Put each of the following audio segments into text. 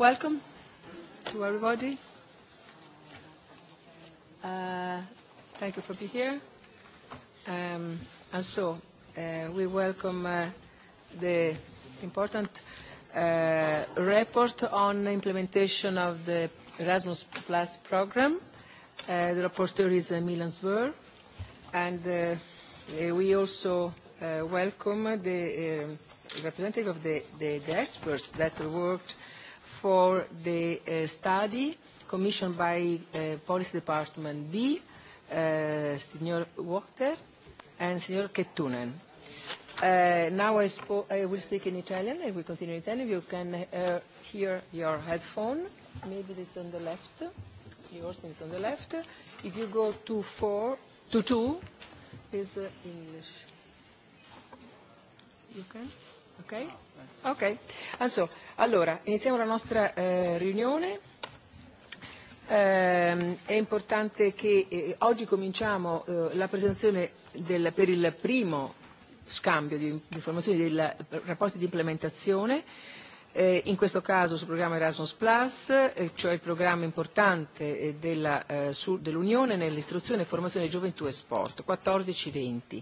Welcome to everybody. Uh, thank you for being here. Um, and so uh, we welcome uh, the important uh, report on implementation of the Erasmus Plus program. Uh, the rapporteur is uh, Milan Sver, and uh, uh, we also uh, welcome the uh, representative of the, the, the experts that worked uh, for the uh, study commissioned by uh, Policy Department B, uh, Signor Wachter and Signor Kettunen. Uh, now I, spo I will speak in Italian. I will continue in Italian. You can uh, hear your headphone. Maybe this on the left. Yours is on the left. If you go to four, to two, is uh, English. You can? Okay. Wow. Ok, also, allora iniziamo la nostra eh, riunione. Eh, è importante che eh, oggi cominciamo eh, la presentazione del, per il primo scambio di, di informazioni del rapporto di implementazione, eh, in questo caso sul programma Erasmus Plus, eh, cioè il programma importante eh, della, eh, su, dell'Unione nell'istruzione, e formazione, gioventù e sport, 14-20.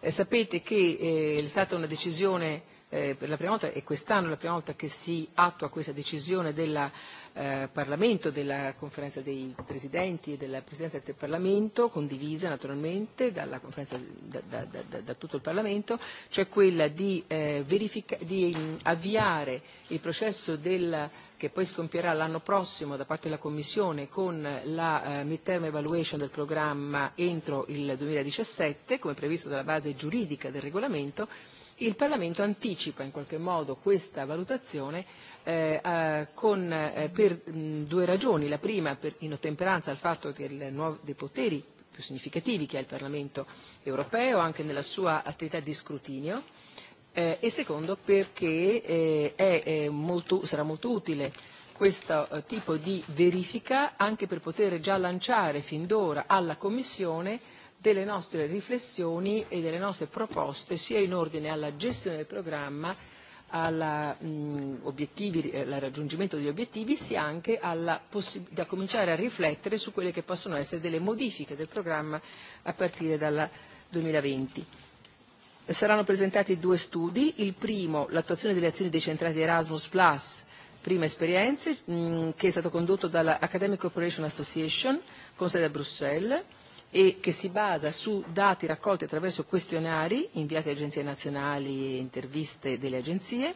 Eh, sapete che eh, è stata una decisione eh, per la prima volta, e quest'anno è la prima volta che si attua questa decisione del eh, Parlamento, della conferenza dei presidenti e della presidenza del Parlamento, condivisa naturalmente dalla conferenza, da, da, da, da tutto il Parlamento, cioè quella di, eh, verifica- di mh, mm, avviare il processo del che poi scompierà l'anno prossimo da parte della Commissione con la eh, midterm evaluation del programma entro il 2017, come previsto dalla base giuridica del regolamento, il Parlamento anticipa in qualche modo questa valutazione eh, eh, con, eh, per mh, due ragioni. La prima per, in ottemperanza al fatto che il nuovo, dei poteri più significativi che ha il Parlamento europeo anche nella sua attività di scrutinio eh, e secondo perché eh, è, è molto, sarà molto utile questo eh, tipo di verifica anche per poter già lanciare fin d'ora alla Commissione delle nostre riflessioni e delle nostre proposte sia in ordine alla gestione del programma, alla, mh, obiettivi, eh, al raggiungimento degli obiettivi, sia anche alla possi- da cominciare a riflettere su quelle che possono essere delle modifiche del programma a partire dal 2020. Saranno presentati due studi, il primo l'attuazione delle azioni decentrate di Erasmus Plus, prime esperienze, mh, che è stato condotto dall'Academic Cooperation Association con sede a Bruxelles e che si basa su dati raccolti attraverso questionari inviati alle agenzie nazionali e interviste delle agenzie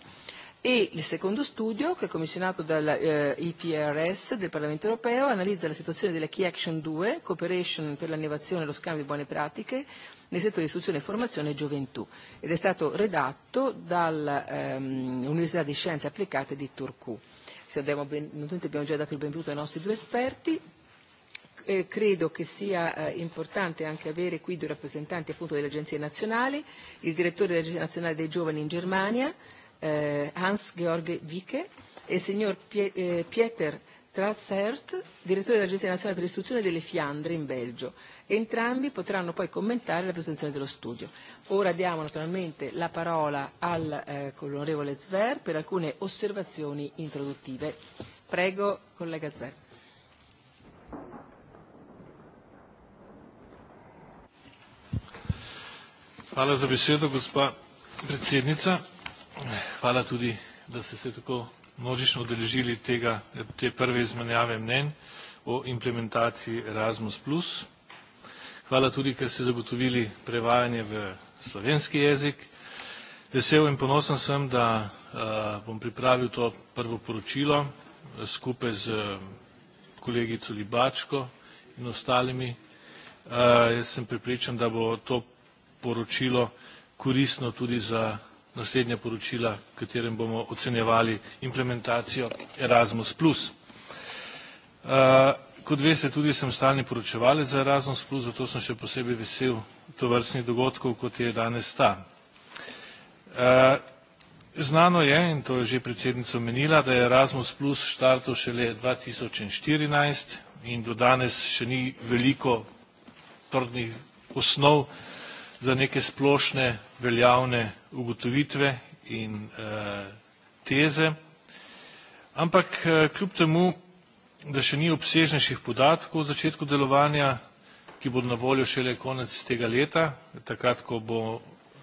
e il secondo studio, che è commissionato dall'EPRS eh, e del Parlamento europeo, analizza la situazione della Key Action 2, Cooperation per l'innovazione e lo scambio di buone pratiche, nei settori istruzione, e formazione e gioventù ed è stato redatto dall'Università ehm, di Scienze Applicate di Turku. Se abbiamo, ben, abbiamo già dato il benvenuto ai nostri due esperti, eh, credo che sia eh, importante anche avere qui due rappresentanti appunto delle agenzie nazionali, il direttore dell'Agenzia Nazionale dei Giovani in Germania, eh, Hans-Georg Wicke, e il signor Pie- eh, Pieter Trassert, direttore dell'Agenzia Nazionale per l'Istruzione delle Fiandre in Belgio. Entrambi potranno poi commentare la presentazione dello studio. Ora diamo naturalmente la parola all'onorevole eh, Zver per alcune osservazioni introduttive. Prego, collega Zver. Hvala za besedo, gospa predsednica. Hvala tudi, da ste se tako množično odeležili tega, te prve izmenjave mnen o implementaciji Erasmus+. Hvala tudi, ker ste zagotovili prevajanje v slovenski jezik. Vesel in ponosen sem, da uh, bom pripravil to prvo poročilo e, skupaj z kolegico Libačko in ostalimi. Uh, jaz sem pripričan, da bo to poročilo koristno tudi za naslednja poročila, v katerem bomo ocenjevali implementacijo Erasmus+. Uh, kot veste, tudi sem stalni poročevalec za Erasmus+, zato sem še posebej vesel tovrstnih dogodkov, kot je danes ta. Uh, znano je, in to je že predsednica omenila, da je Erasmus Plus štartal šele 2014 in do danes še ni veliko trdnih osnov, za neke splošne veljavne ugotovitve in eh, teze, ampak eh, kljub temu, da še ni obsežnejših podatkov v začetku delovanja, ki bodo na voljo šele konec tega leta, takrat, ko bo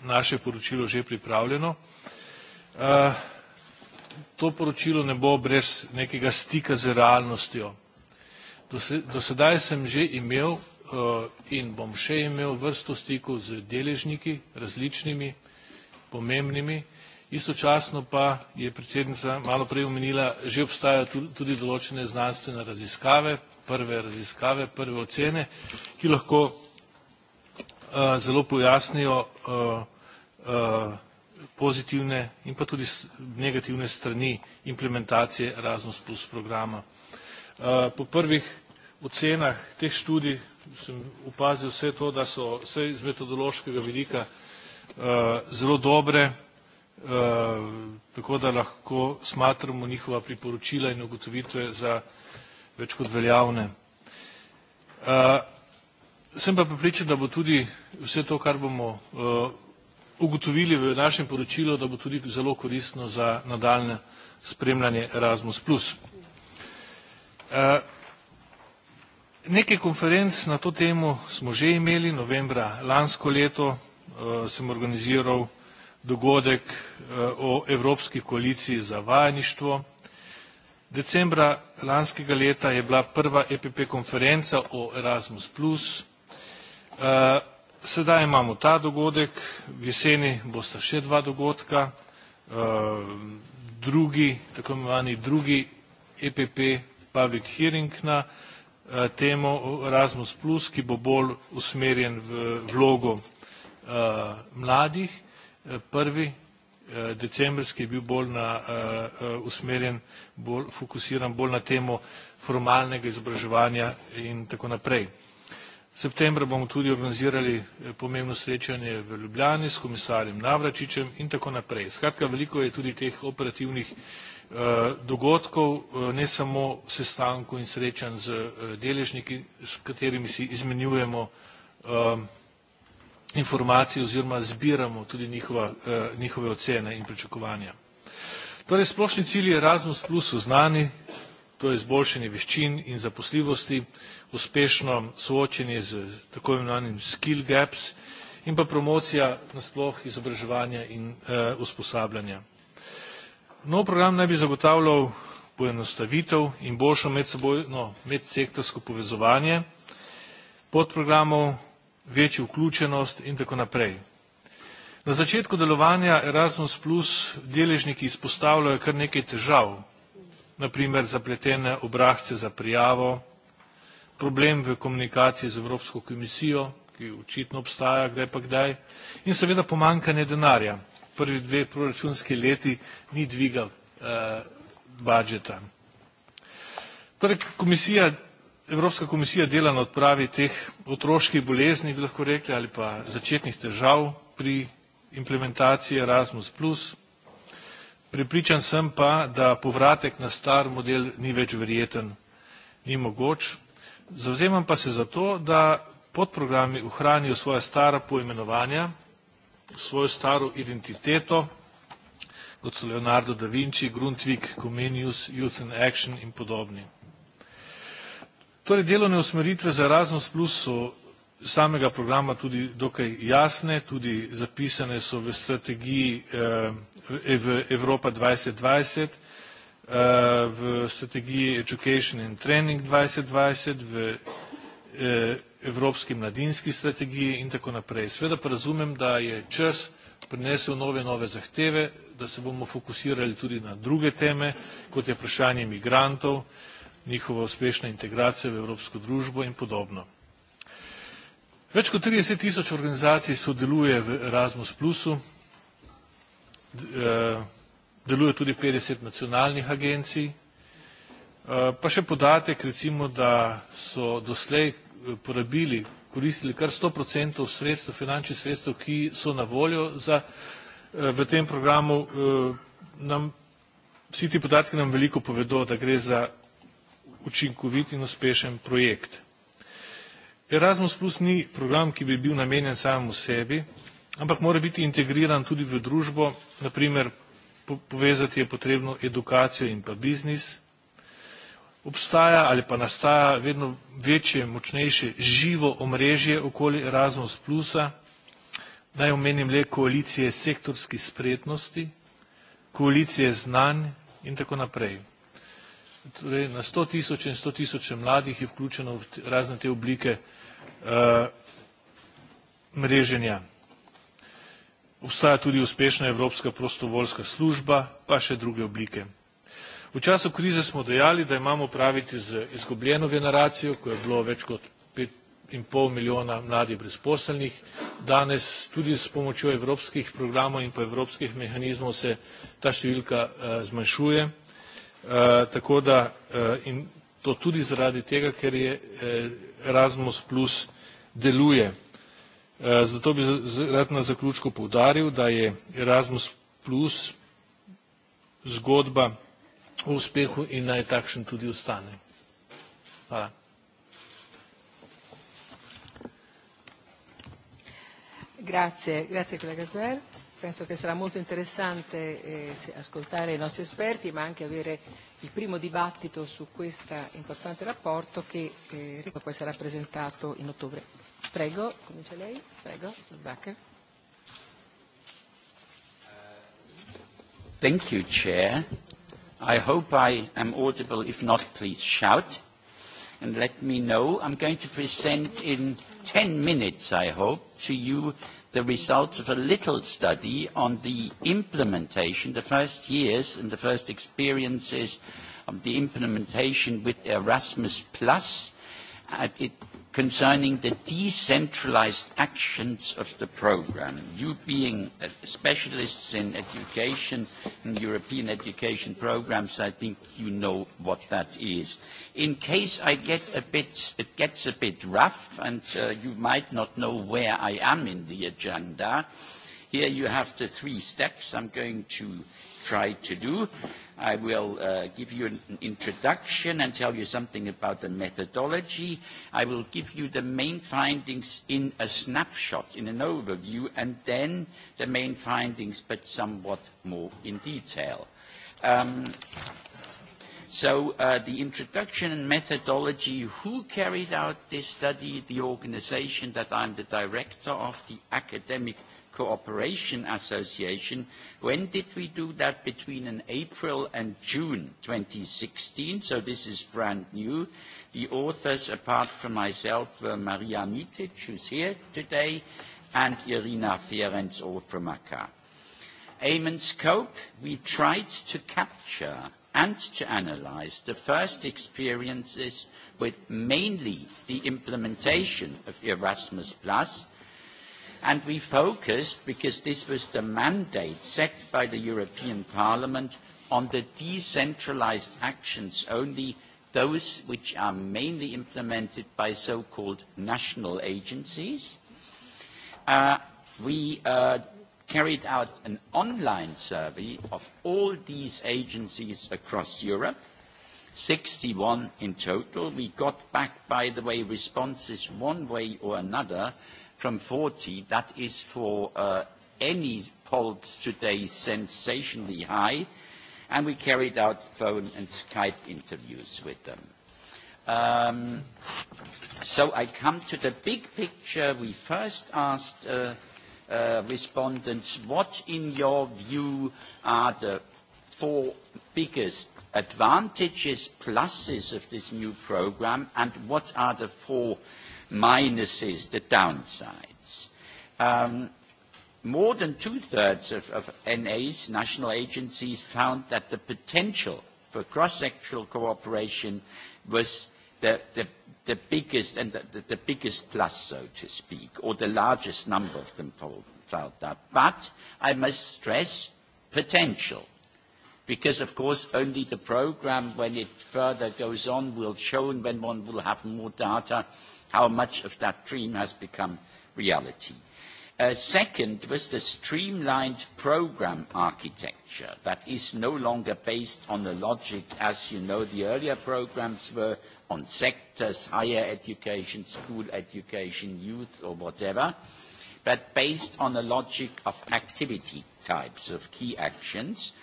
naše poročilo že pripravljeno. Eh, to poročilo ne bo brez nekega stika z realnostjo. Do sedaj sem že imel Eh, in bom še imel vrsto stikov z deležniki, različnimi, pomembnimi. Istočasno pa je predsednica malo prej omenila, že obstajajo tudi določene znanstvene raziskave, prve raziskave, prve ocene, ki lahko uh, zelo pojasnijo uh, uh, pozitivne in pa tudi negativne strani implementacije Erasmus Plus programa. Po prvih ocenah teh študij sem opazil vse to, da so vse iz metodološkega vidika eh, zelo dobre, eh, tako da lahko smatramo njihova priporočila in ugotovitve za več kot veljavne. Eh, sem pa pripričan, da bo tudi vse to, kar bomo ugotovili v našem poročilu, da bo tudi zelo koristno za nadaljne spremljanje Erasmus. Nekaj konferenc na to temo smo že imeli, novembra lansko leto uh, sem organiziral dogodek uh, o Evropski koaliciji za vajeništvo. Decembra lanskega leta je bila prva EPP konferenca o Erasmus+. Uh, sedaj imamo ta dogodek, v jeseni bosta še dva dogodka, drugi, tako imenovani drugi EPP public hearing na Eh, temo Erasmus, ki bo bolj usmerjen v vlogo eh, mladih. Eh, prvi decembrski je bil bolj na, usmerjen, bolj fokusiran bolj na temo formalnega izobraževanja in tako naprej. Septembra bomo tudi organizirali pomembno srečanje v Ljubljani s komisarjem Navračičem in tako naprej. Skratka, veliko je tudi teh operativnih Eh, dogodkov, eh, ne samo sestankov in srečanj z eh, deležniki, s katerimi si izmenjujemo informacije oziroma zbiramo tudi njihova, njihove ocene in pričakovanja. Torej splošni cilji Erasmus Plus so znani, to je izboljšanje veščin in zaposljivosti, uspešno soočenje z tako imenovanim skill gaps in pa promocija nasploh izobraževanja in uh, usposabljanja. Nov program naj bi zagotavljal poenostavitev in boljšo medsebojno medsektorsko povezovanje podprogramov, večjo vključenost in tako naprej. Na začetku delovanja Erasmus Plus deležniki izpostavljajo kar nekaj težav, naprimer zapletene obrazce za prijavo, problem v komunikaciji z Evropsko komisijo, ki očitno obstaja kdaj pa kdaj, in seveda pomankanje denarja prvi dve proračunski leti ni dvigal uh, budžeta. Torej, komisija, Evropska komisija dela na odpravi teh otroških bolezni, bi lahko rekli, ali pa začetnih težav pri implementaciji Erasmus. Pripričan sem pa, da povratek na star model ni več verjeten, ni mogoč. Zavzemam pa se za to, da podprogrami ohranijo svoja stara poimenovanja svojo staro identiteto, kot so Leonardo da Vinci, Grundtvig, Comenius, Youth in Action in podobni. Torej, delovne usmeritve za Erasmus Plus so samega programa tudi dokaj jasne, tudi zapisane so v strategiji eh, Evropa 2020, eh, v strategiji Education and Training 2020, v eh, evropski mladinski strategiji in tako naprej. Sveda pa razumem, da je čas prinesel nove, nove zahteve, da se bomo fokusirali tudi na druge teme, kot je vprašanje migrantov, njihova uspešna integracija v evropsko družbo in podobno. Več kot 30 tisoč organizacij sodeluje v Erasmus Plusu, eh, deluje tudi 50 nacionalnih agencij, eh, pa še podatek recimo, da so doslej porabili, koristili kar 100% sredstev, finančnih sredstev, ki so na voljo za, eh, v tem programu, eh, nam vsi ti podatki nam veliko povedo, da gre za učinkovit in uspešen projekt. Erasmus Plus ni program, ki bi bil namenjen samemu sebi, ampak mora biti integriran tudi v družbo, naprimer povezati je potrebno edukacijo in pa biznis, obstaja ali pa nastaja vedno večje, močnejše živo omrežje okoli Erasmus plusa. Naj omenim le koalicije sektorskih spretnosti, koalicije znanj in tako naprej. Torej, na 100 tisoče in 100 tisoče mladih je vključeno v razne te oblike uh, mreženja. Obstaja tudi uspešna evropska prostovoljska služba, pa še druge oblike. V času krize smo dejali, da imamo praviti z izgubljeno generacijo, ko je bilo več kot pet in pol milijona mladih brezposelnih. Danes tudi s pomočjo evropskih programov in pa evropskih mehanizmov se ta številka eh, zmanjšuje. Eh, tako da eh, in to tudi zaradi tega, ker je eh, Erasmus Plus deluje. Eh, zato bi rad na zaključku poudaril, da je Erasmus Plus zgodba uspjehu i naj takšen tudi ostane. Hvala. Grazie, grazie collega Sver. Penso che sarà molto interessante eh, ascoltare i nostri esperti, ma anche avere il primo dibattito su questo importante rapporto che eh, poi sarà presentato in ottobre. Prego, comincia lei. Prego, Bacher. Thank you, Chair. I hope I am audible. If not, please shout and let me know. I'm going to present in 10 minutes, I hope, to you the results of a little study on the implementation, the first years and the first experiences of the implementation with Erasmus+. Plus. Uh, it concerning the decentralized actions of the program. You being specialists in education, in European education programs, I think you know what that is. In case I get a bit, it gets a bit rough and uh, you might not know where I am in the agenda, here you have the three steps I'm going to try to do. I will uh, give you an introduction and tell you something about the methodology. I will give you the main findings in a snapshot, in an overview, and then the main findings, but somewhat more in detail. Um, so uh, the introduction and methodology, who carried out this study, the organization that I'm the director of, the academic uh, Cooperation Association. When did we do that? Between in April and June 2016, so this is brand new. The authors, apart from myself, were Maria Mitic, who's here today, and Irina Ferenc-Opremaka. Aim and scope, we tried to capture and to analyze the first experiences with mainly the implementation of Erasmus Plus And we focused, because this was the mandate set by the European Parliament, on the decentralized actions only, those which are mainly implemented by so-called national agencies. Uh, we uh, carried out an online survey of all these agencies across Europe, 61 in total. We got back, by the way, responses one way or another from 40, that is for uh, any polls today sensationally high, and we carried out phone and Skype interviews with them. Um, so I come to the big picture. We first asked uh, uh, respondents, what in your view are the four biggest advantages, pluses of this new program, and what are the four uh, minuses, the downsides. Um, more than two-thirds of, of NA's national agencies found that the potential for cross-sectoral cooperation was the, the, the biggest and the, the biggest plus, so to speak, or the largest number of them told, felt that. But I must stress potential, because of course only the program, when it further goes on, will show and when one will have more data, uh, how much of that dream has become reality. Uh, second was the streamlined program architecture that is no longer based on the logic, as you know, the earlier programs were on sectors, higher education, school education, youth, or whatever, but based on a logic of activity types of key actions. Uh,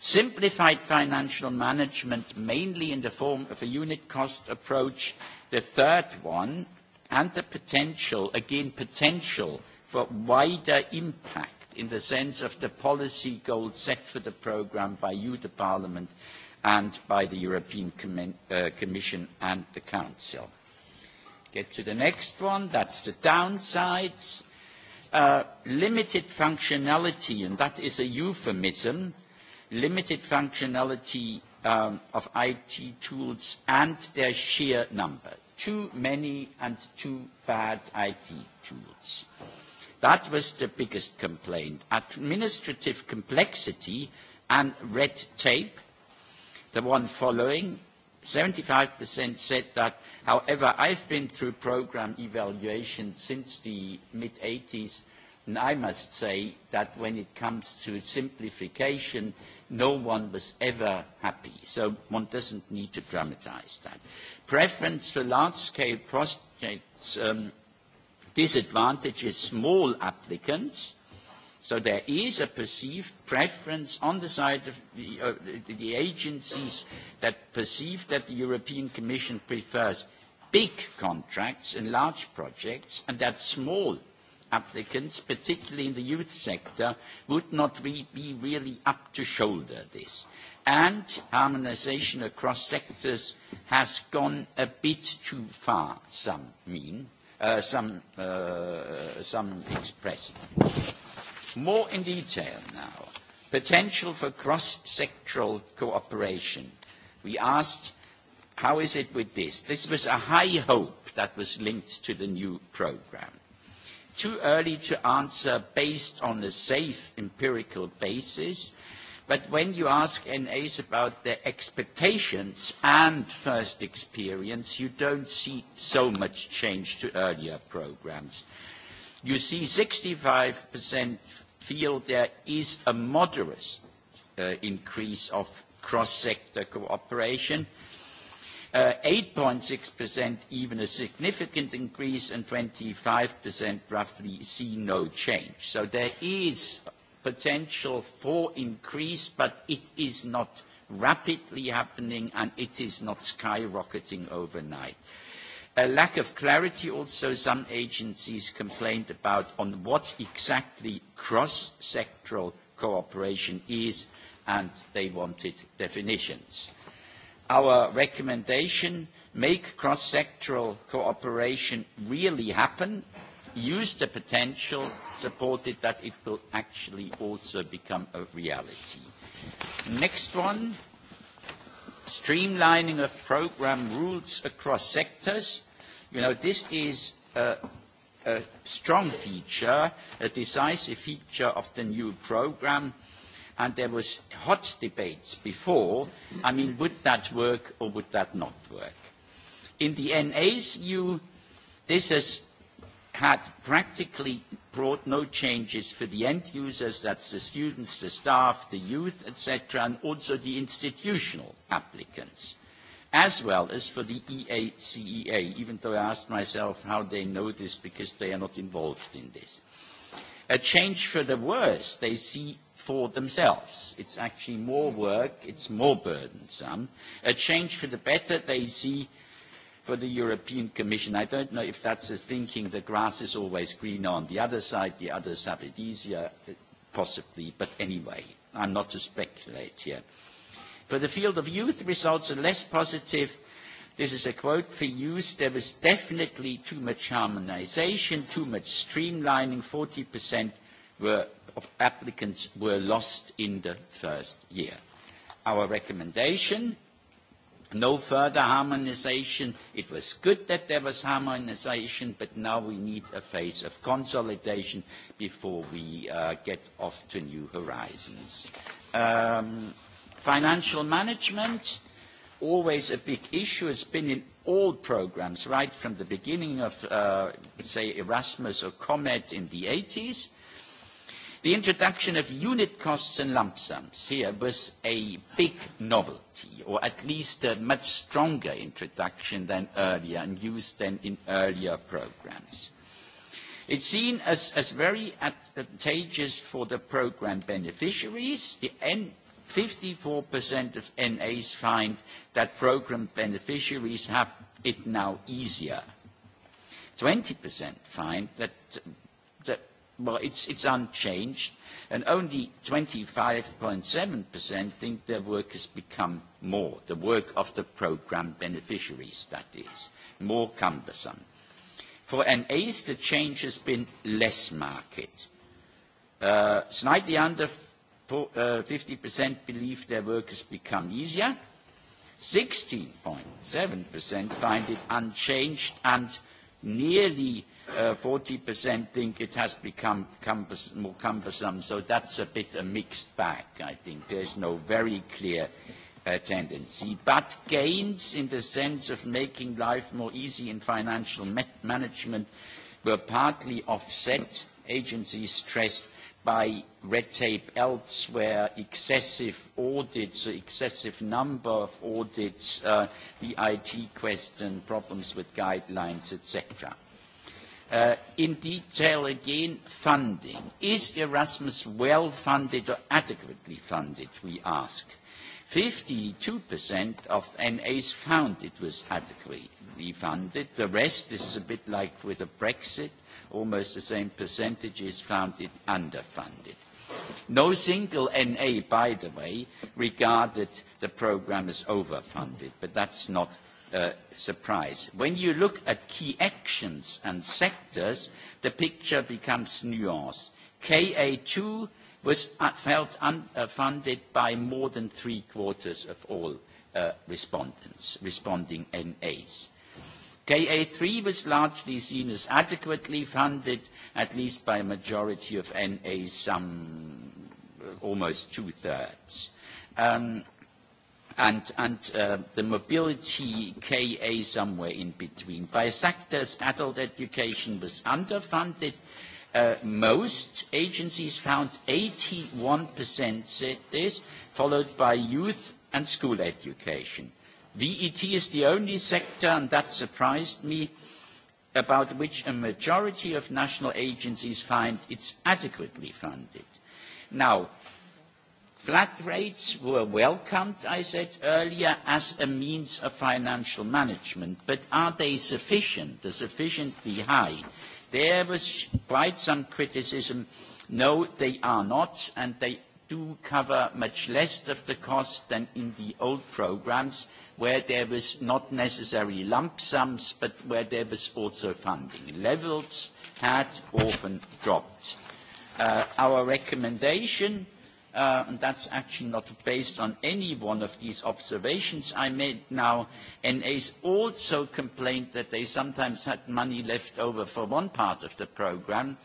Simplified financial management, mainly in the form of a unit cost approach. The third one, and the potential, again, potential for wider impact in the sense of the policy goal set for the program by you, the Parliament, and by the European Com uh, Commission and the Council. Get to the next one. That's the downsides. Uh, limited functionality, and that is a euphemism limited functionality um, of IT tools and their sheer number. Too many and too bad IT tools. That was the biggest complaint. Administrative complexity and red tape, the one following, 75% said that. However, I've been through program evaluation since the mid-'80s, and I must say that when it comes to simplification, no one was ever happy, so one doesn't need to dramatize that. Preference for large-scale projects um, disadvantages small applicants, so there is a perceived preference on the side of the, uh, the agencies that perceive that the European Commission prefers big contracts and large projects, and that small applicants, particularly in the youth sector, would not re be really up to shoulder this. And harmonization across sectors has gone a bit too far, some mean, uh, some, uh, some express. More in detail now. Potential for cross-sectoral cooperation. We asked, how is it with this? This was a high hope that was linked to the new programme too early to answer based on a safe empirical basis. But when you ask NAs about their expectations and first experience, you don't see so much change to earlier programs. You see 65% feel there is a moderate uh, increase of cross-sector cooperation, uh, Uh, 8.6% even a significant increase, and 25% roughly see no change. So there is potential for increase, but it is not rapidly happening, and it is not skyrocketing overnight. A lack of clarity also some agencies complained about on what exactly cross-sectoral cooperation is, and they wanted definitions our recommendation, make cross-sectoral cooperation really happen, use the potential, supported that it will actually also become a reality. Next one, streamlining of program rules across sectors. You know, this is a, a strong feature, a decisive feature of the new program. Uh, and there was hot debates before, I mean, would that work or would that not work? In the NA's view, this has had practically brought no changes for the end users, that's the students, the staff, the youth, etc., and also the institutional applicants, as well as for the EACEA, e even though I asked myself how they know this because they are not involved in this. A change for the worse they see for themselves. It's actually more work, it's more burdensome. A change for the better they see for the European Commission. I don't know if that's the thinking, the grass is always greener on the other side, the others have it easier, possibly, but anyway, I'm not to speculate here. For the field of youth, results are less positive. This is a quote for use. There was definitely too much harmonization, too much streamlining. 40% were of applicants were lost in the first year. Our recommendation, no further harmonization. It was good that there was harmonization, but now we need a phase of consolidation before we uh, get off to new horizons. Um, financial management, always a big issue. It's been in all programs right from the beginning of, uh, say, Erasmus or COMET in the 80s The introduction of unit costs and lump sums here was a big novelty, or at least a much stronger introduction than earlier and used than in earlier programs. It's seen as, as very advantageous for the program beneficiaries. The N 54% of NAs find that program beneficiaries have it now easier. 20% find that well, it's, it's unchanged, and only 25.7% think their work has become more, the work of the program beneficiaries, that is, more cumbersome. For NAs, the change has been less marked. Uh, slightly under 50% uh, believe their work has become easier. 16.7% find it unchanged, and nearly uh, 40% think it has become cumbers more cumbersome. So that's a bit a mixed bag, I think. There's no very clear uh, tendency. But gains in the sense of making life more easy in financial management were partly offset, agencies stressed, by red tape elsewhere, excessive audits, excessive number of audits, uh, the IT question, problems with guidelines, et cetera uh, in detail again, funding. Is Erasmus well funded or adequately funded, we ask. 52% of NAs found it was adequately funded. The rest, this is a bit like with the Brexit, almost the same percentages found it underfunded. No single NA, by the way, regarded the program as overfunded, but that's not uh, surprise. When you look at key actions and sectors, the picture becomes nuanced. KA2 was uh, felt uh, funded by more than three-quarters of all uh, respondents responding NAs. KA3 was largely seen as adequately funded, at least by a majority of NAs, some uh, almost two-thirds. Um, and, and uh, the mobility KA somewhere in between. By sectors, adult education was underfunded. Uh, most agencies found 81% said this, followed by youth and school education. VET is the only sector, and that surprised me, about which a majority of national agencies find it's adequately funded. Now, Flat rates were welcomed, I said earlier, as a means of financial management, but are they sufficient, or sufficiently high? There was quite some criticism. No, they are not, and they do cover much less of the cost than in the old programs, where there was not necessarily lump sums, but where there was also funding. Levels had often dropped. Uh, our recommendation uh, and that's actually not based on any one of these observations I made now, NAs also complained that they sometimes had money left over for one part of the program,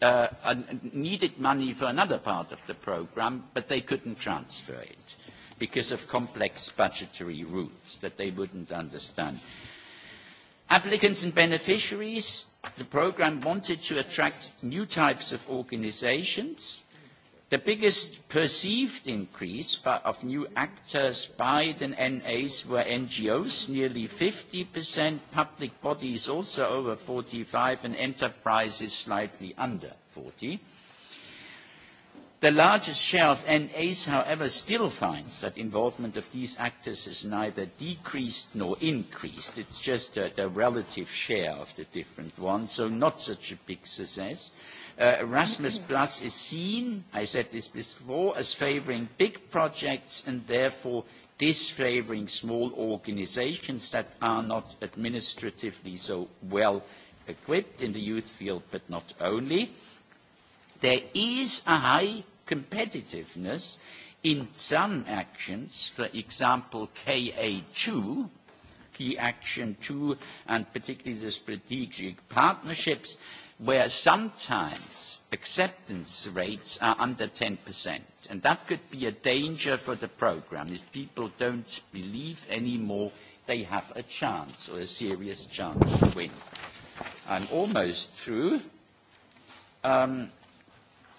uh, and needed money for another part of the program, but they couldn't transfer it because of complex budgetary rules that they wouldn't understand. Applicants and beneficiaries, the program wanted to attract new types of organizations, The biggest perceived increase by, of new actors by the NAs were NGOs, nearly 50%, public bodies also over 45, and enterprises slightly under 40. The largest share of NAs, however, still finds that involvement of these actors is neither decreased nor increased. It's just a, the relative share of the different ones, so not such a big success. Uh, Uh, Erasmus Plus is seen, I said this before, as favoring big projects and therefore disfavoring small organizations that are not administratively so well equipped in the youth field, but not only. There is a high competitiveness in some actions, for example, KA2, Key Action 2, and particularly the strategic partnerships, where sometimes acceptance rates are under 10%. And that could be a danger for the program if people don't believe anymore they have a chance or a serious chance to win. I'm almost through. Um,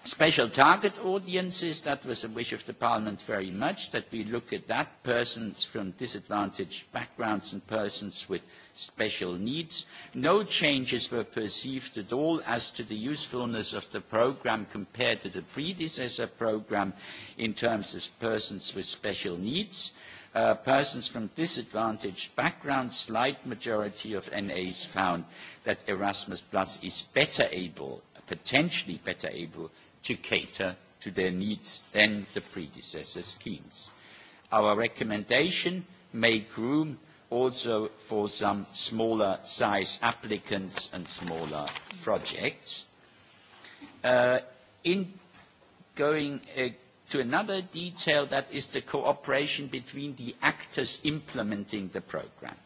special target audiences, that was a wish of the Parliament very much, that we look at that, persons from disadvantaged backgrounds and persons with special needs. No changes were perceived at all as to the usefulness of the program compared to the predecessor program in terms of persons with special needs. Uh, persons from disadvantaged backgrounds, slight majority of NAs found that Erasmus Plus is better able, potentially better able to cater to their needs than the predecessor schemes. Our recommendation make room also for some smaller size applicants and smaller projects. Uh, in going uh, to another detail, that is the cooperation between the actors implementing the program.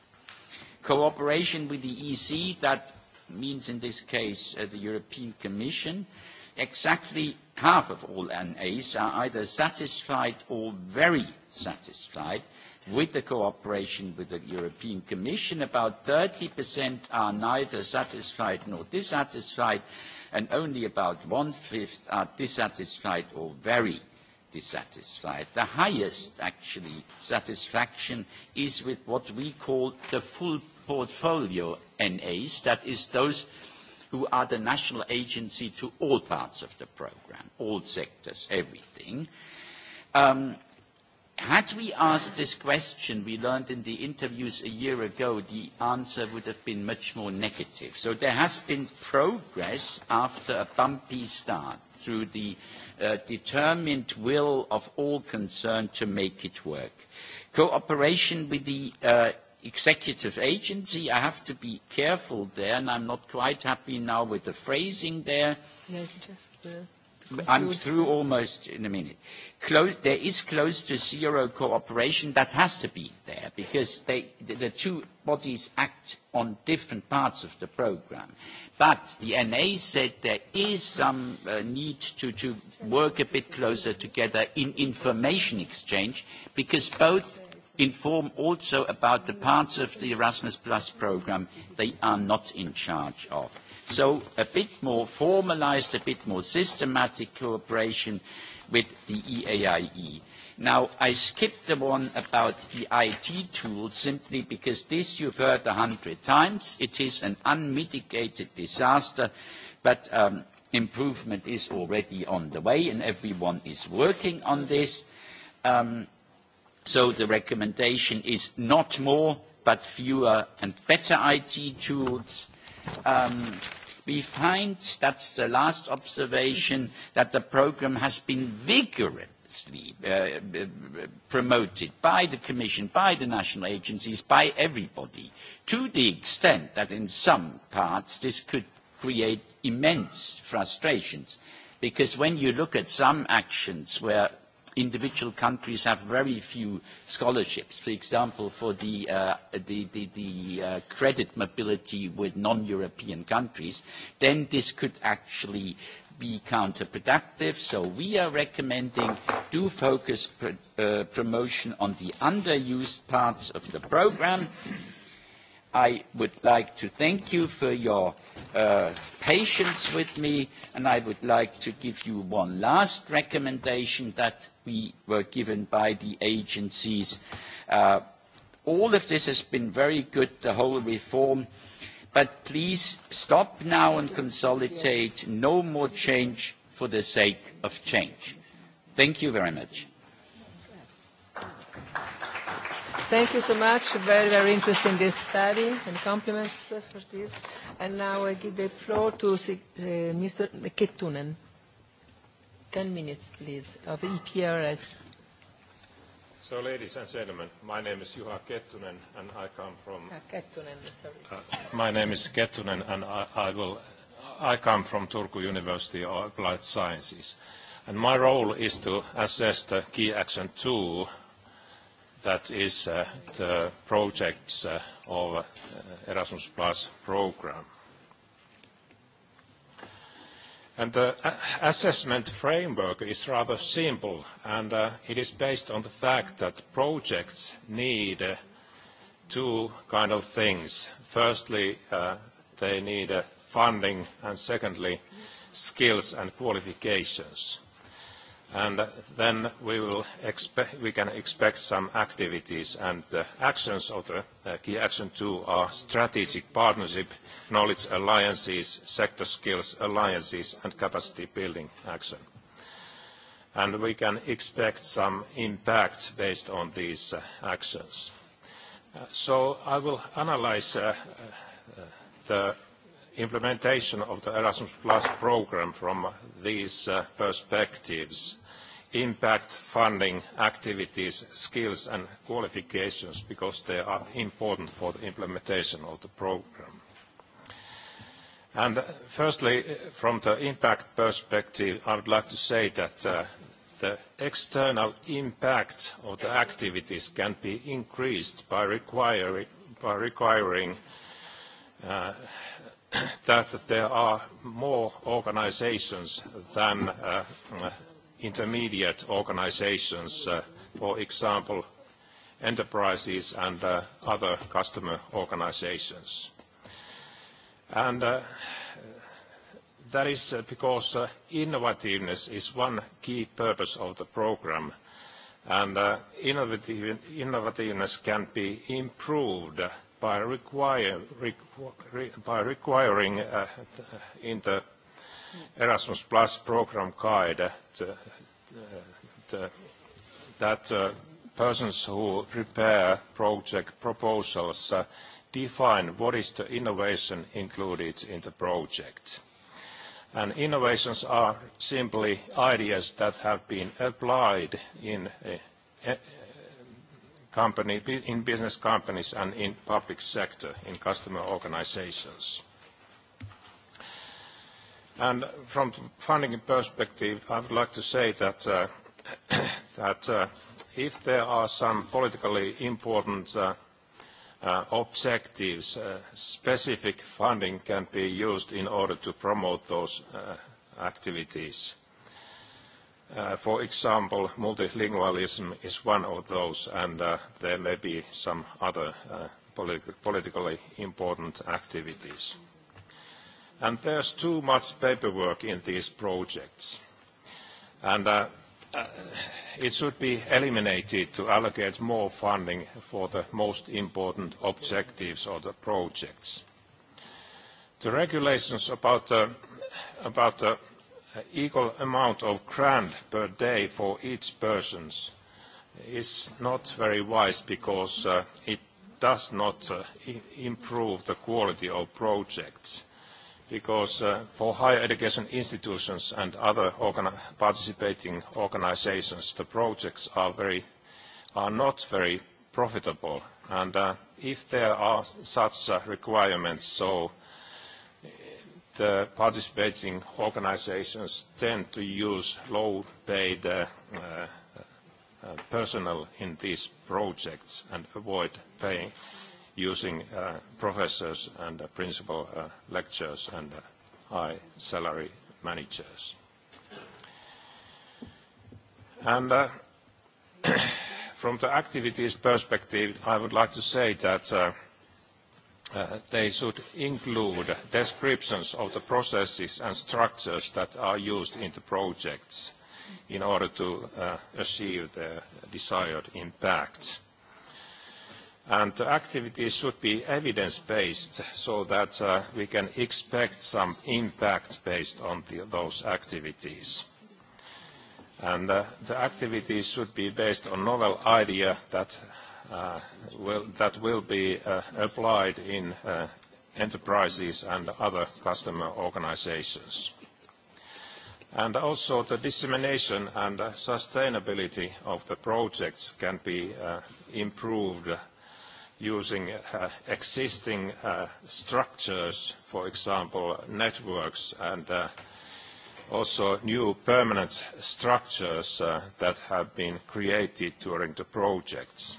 Cooperation with the EC, that means in this case, uh, the European Commission, exactly half of all NAs are either satisfied or very satisfied with the cooperation with the European Commission. About 30% are neither satisfied nor dissatisfied, and only about one-fifth are dissatisfied or very dissatisfied. The highest, actually, satisfaction is with what we call the full portfolio NAs, that is those who are the national agency to all parts of the program, all sectors, everything. Um, had we asked this question, we learned in the interviews a year ago, the answer would have been much more negative. So there has been progress after a bumpy start through the uh, determined will of all concerned to make it work. Cooperation with the uh, executive agency. I have to be careful there, and I'm not quite happy now with the phrasing there. No, just the uh, I'm through almost in a minute. Close, there is close to zero cooperation. That has to be there because they, the, the two bodies act on different parts of the program. But the NA said there is some uh, need to, to work a bit closer together in information exchange because both inform also about the parts of the Erasmus Plus programme they are not in charge of. So a bit more formalized, a bit more systematic cooperation with the EAIE. E. Now, I skipped the one about the IT tool simply because this you've heard a hundred times. It is an unmitigated disaster, but um, improvement is already on the way and everyone is working on this. Um, So the recommendation is not more, but fewer and better IT tools. Um, we find, that's the last observation, that the program has been vigorously uh, promoted by the Commission, by the national agencies, by everybody, to the extent that in some parts this could create immense frustrations. Because when you look at some actions where individual countries have very few scholarships. For example, for the, uh, the, the, the uh, credit mobility with non-European countries, then this could actually be counterproductive. So we are recommending do focus pr uh, promotion on the underused parts of the program. I would like to thank you for your uh, patience with me, and I would like to give you one last recommendation that we were given by the agencies. Uh, all of this has been very good, the whole reform, but please stop now and consolidate. No more change for the sake of change. Thank you very much. Thank you so much. Very, very interesting this study and compliments for this. And now I give the floor to uh, eh, Mr. Kettunen. 10 minutes, please, of EPRS. So, ladies and gentlemen, my name is Juha Kettunen, and I come from- uh, Kettunen, sorry. Uh, my name is Kettunen, and I, I, will, I come from Turku University of Applied Sciences. And my role is to assess the Key Action 2 that is uh, the projects uh, of uh, Erasmus Plus program. And the uh, assessment framework is rather simple, and uh, it is based on the fact that projects need uh, two kind of things. Firstly, uh, they need uh, funding, and secondly, skills and qualifications and then we, will expect, we can expect some activities. And the actions of the uh, key action two are strategic partnership, knowledge alliances, sector skills alliances, and capacity building action. And we can expect some impact based on these uh, actions. Uh, so I will analyze the implementation of the Erasmus Plus program from these uh, perspectives impact funding activities, skills and qualifications because they are important for the implementation of the program. And uh, firstly, uh, from the impact perspective, I would like to say that uh, the external impact of the activities can be increased by requiring, by requiring uh, that there are more organizations than uh, intermediate organizations, uh, for example, enterprises and uh, other customer organizations. And uh, that is uh, because uh, innovativeness is one key purpose of the program, and uh, innovative, innovativeness can be improved by, require, requ, re, by requiring uh, in the Erasmus Plus program guide uh, the, the, that uh, persons who prepare project proposals uh, define what is the innovation included in the project. And innovations are simply ideas that have been applied in uh, company, in business companies and in public sector, in customer organizations. And from funding perspective, I would like to say that, uh, that uh, if there are some politically important uh, uh objectives, uh, specific funding can be used in order to promote those uh, activities. Uh, for example, multilingualism is one of those, and uh, there may be some other uh, politi politically important activities. And there's too much paperwork in these projects. And uh, uh, it should be eliminated to allocate more funding for the most important objectives of the projects. The regulations about, uh, about the Uh, equal amount of grand per day for each person is not very wise because uh, it does not uh, improve the quality of projects. Because uh, for higher education institutions and other organ participating organizations, the projects are, very, are not very profitable. And uh, if there are such uh, requirements, so uh, the uh, participating organizations tend to use low-paid uh, uh, uh, personnel in these projects and avoid paying using uh, professors and uh, principal uh, lecturers and uh, high salary managers. And uh, from the activities perspective, I would like to say that uh, Uh, they should include descriptions of the processes and structures that are used in the projects in order to uh, achieve the desired impact. And the activities should be evidence-based so that uh, we can expect some impact based on the, those activities. And, uh, the activities should be based on novel idea that uh, will, that will be uh, applied in uh, enterprises and other customer organizations. And also the dissemination and uh, sustainability of the projects can be uh, improved using uh, existing uh, structures, for example, networks and uh, also new permanent structures uh, that have been created during the projects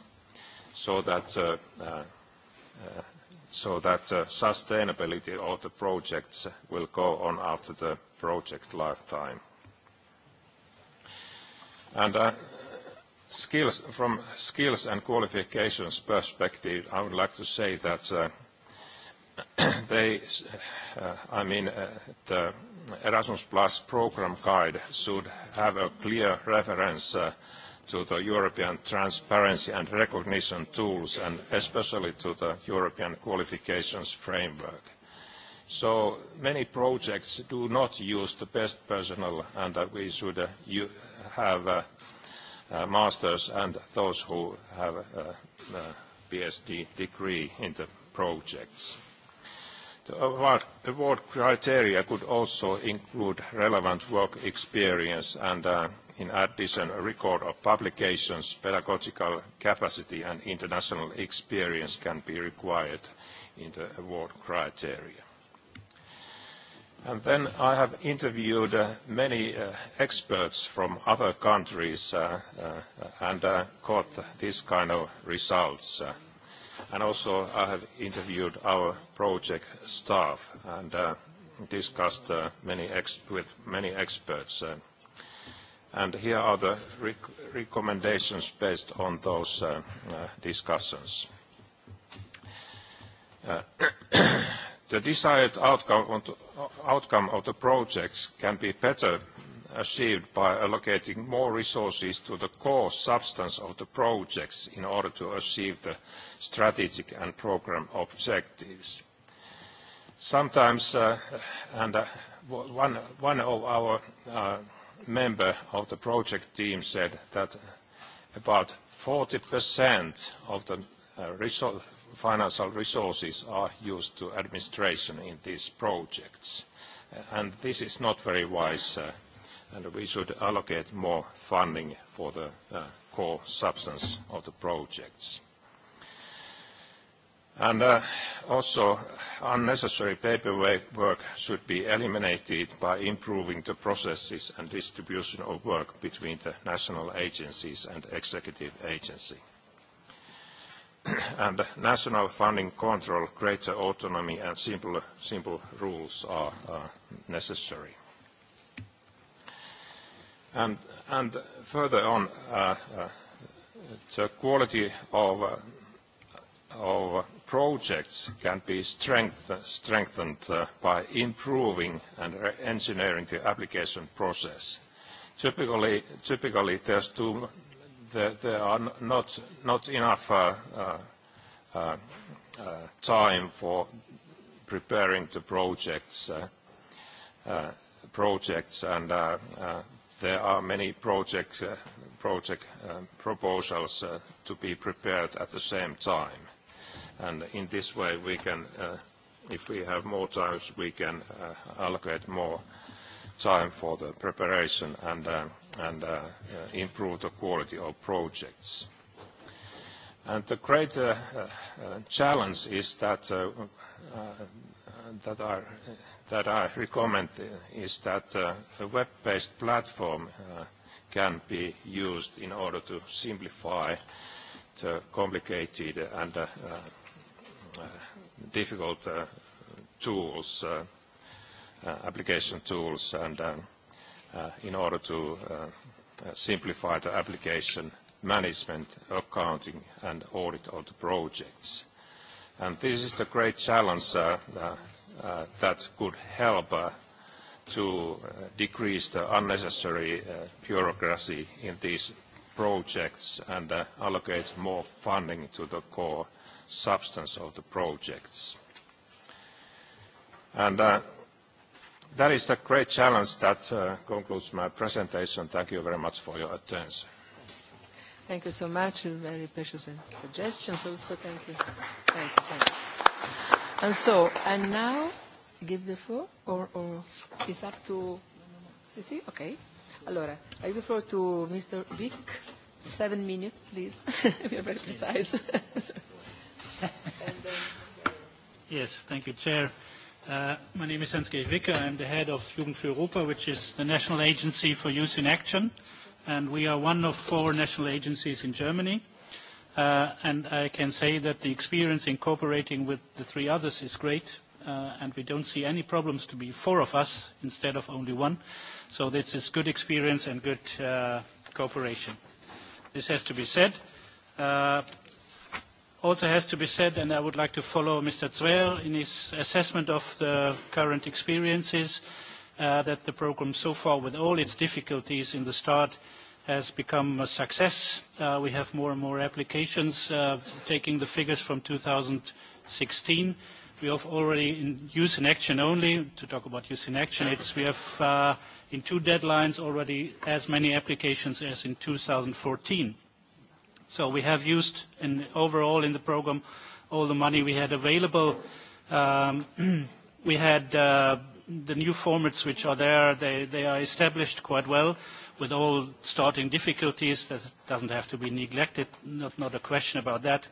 so that, uh, uh, so that uh, sustainability of the projects will go on after the project lifetime. And, uh, skills, from skills and qualifications perspective, I would like to say that uh, they, uh, I mean, uh, the Erasmus+ program guide should have a clear reference uh, to the European transparency and recognition tools, and especially to the European qualifications framework. So many projects do not use the best personnel, and uh, we should uh, you have uh, uh, masters and those who have a, uh, a uh, PhD degree in the projects. The award, award criteria could also include relevant work experience and uh, in addition, a record of publications, pedagogical capacity, and international experience can be required in the award criteria. And then I have interviewed uh, many uh, experts from other countries uh, uh and uh, got this kind of results. Uh. And also, I have interviewed our project staff and discussed many with many experts and here are the rec recommendations based on those uh, uh, discussions. Uh, the desired outcome, the, outcome of the projects can be better achieved by allocating more resources to the core substance of the projects in order to achieve the strategic and program objectives. Sometimes, uh, and uh, one, one of our uh, member of the project team said that about 40% of the uh, resor financial resources are used to administration in these projects. Uh, and this is not very wise, uh, and we should allocate more funding for the uh, core substance of the projects. And uh, also, unnecessary paperwork should be eliminated by improving the processes and distribution of work between the national agencies and executive agency. and national funding control, greater autonomy, and simple, simple rules are uh, necessary. And, and further on, uh, uh, the quality of, uh, of projects can be strength, strengthened uh, by improving and e-, engineering the application process. Typically, typically there's too, there, there are not, not enough uh uh, uh, uh, time for preparing the projects, uh, projects and there are many project, project proposals to be prepared at the same time. And in this way, we can, uh, if we have more times, we can uh, allocate more time for the preparation and, uh, and uh, uh, improve the quality of projects. And the great uh, uh, challenge is that, uh, uh, that, I, that I recommend is that uh, a web-based platform uh, can be used in order to simplify the complicated and uh, Uh, difficult uh, tools, uh, uh, application tools, and um, uh, in order to uh, uh, simplify the application management, accounting, and audit of the projects. And this is the great challenge uh, uh, uh, that could help uh, to uh, decrease the unnecessary uh, bureaucracy in these projects and uh, allocate more funding to the core substance of the projects. And, uh, that is the great challenge that uh, concludes my presentation. Thank you very much for your attention. Thank you so much. Very precious suggestions also. Thank you. Thank you. Thank you. And so, and now give the floor or, or is up to Sisi? Okay. Allora, I give the floor to Mr. Vic. Seven minutes, please. We are very precise. Yes, thank you, Chair. Uh, my name is Hans-Gerd Wicker. I'm the head of Jugend für Europa, which is the national agency for youth in action, and we are one of four national agencies in Germany. Uh, and I can say that the experience in cooperating with the three others is great, uh, and we don't see any problems to be four of us instead of only one. So this is good experience and good uh, cooperation. This has to be said. Uh, also has to be said, and I would like to follow Mr. Zwer in his assessment of the current experiences, uh, that the program so far, with all its difficulties in the start, has become a success. Uh, we have more and more applications, uh, taking the figures from 2016. We have already in use in action only, to talk about use in action, it's we have uh, in two deadlines already as many applications as in 2014. So we have used in overall in the program all the money we had available. Um, we had uh, the new formats which are there. They, they are established quite well with all starting difficulties. That doesn't have to be neglected. Not, not a question about that.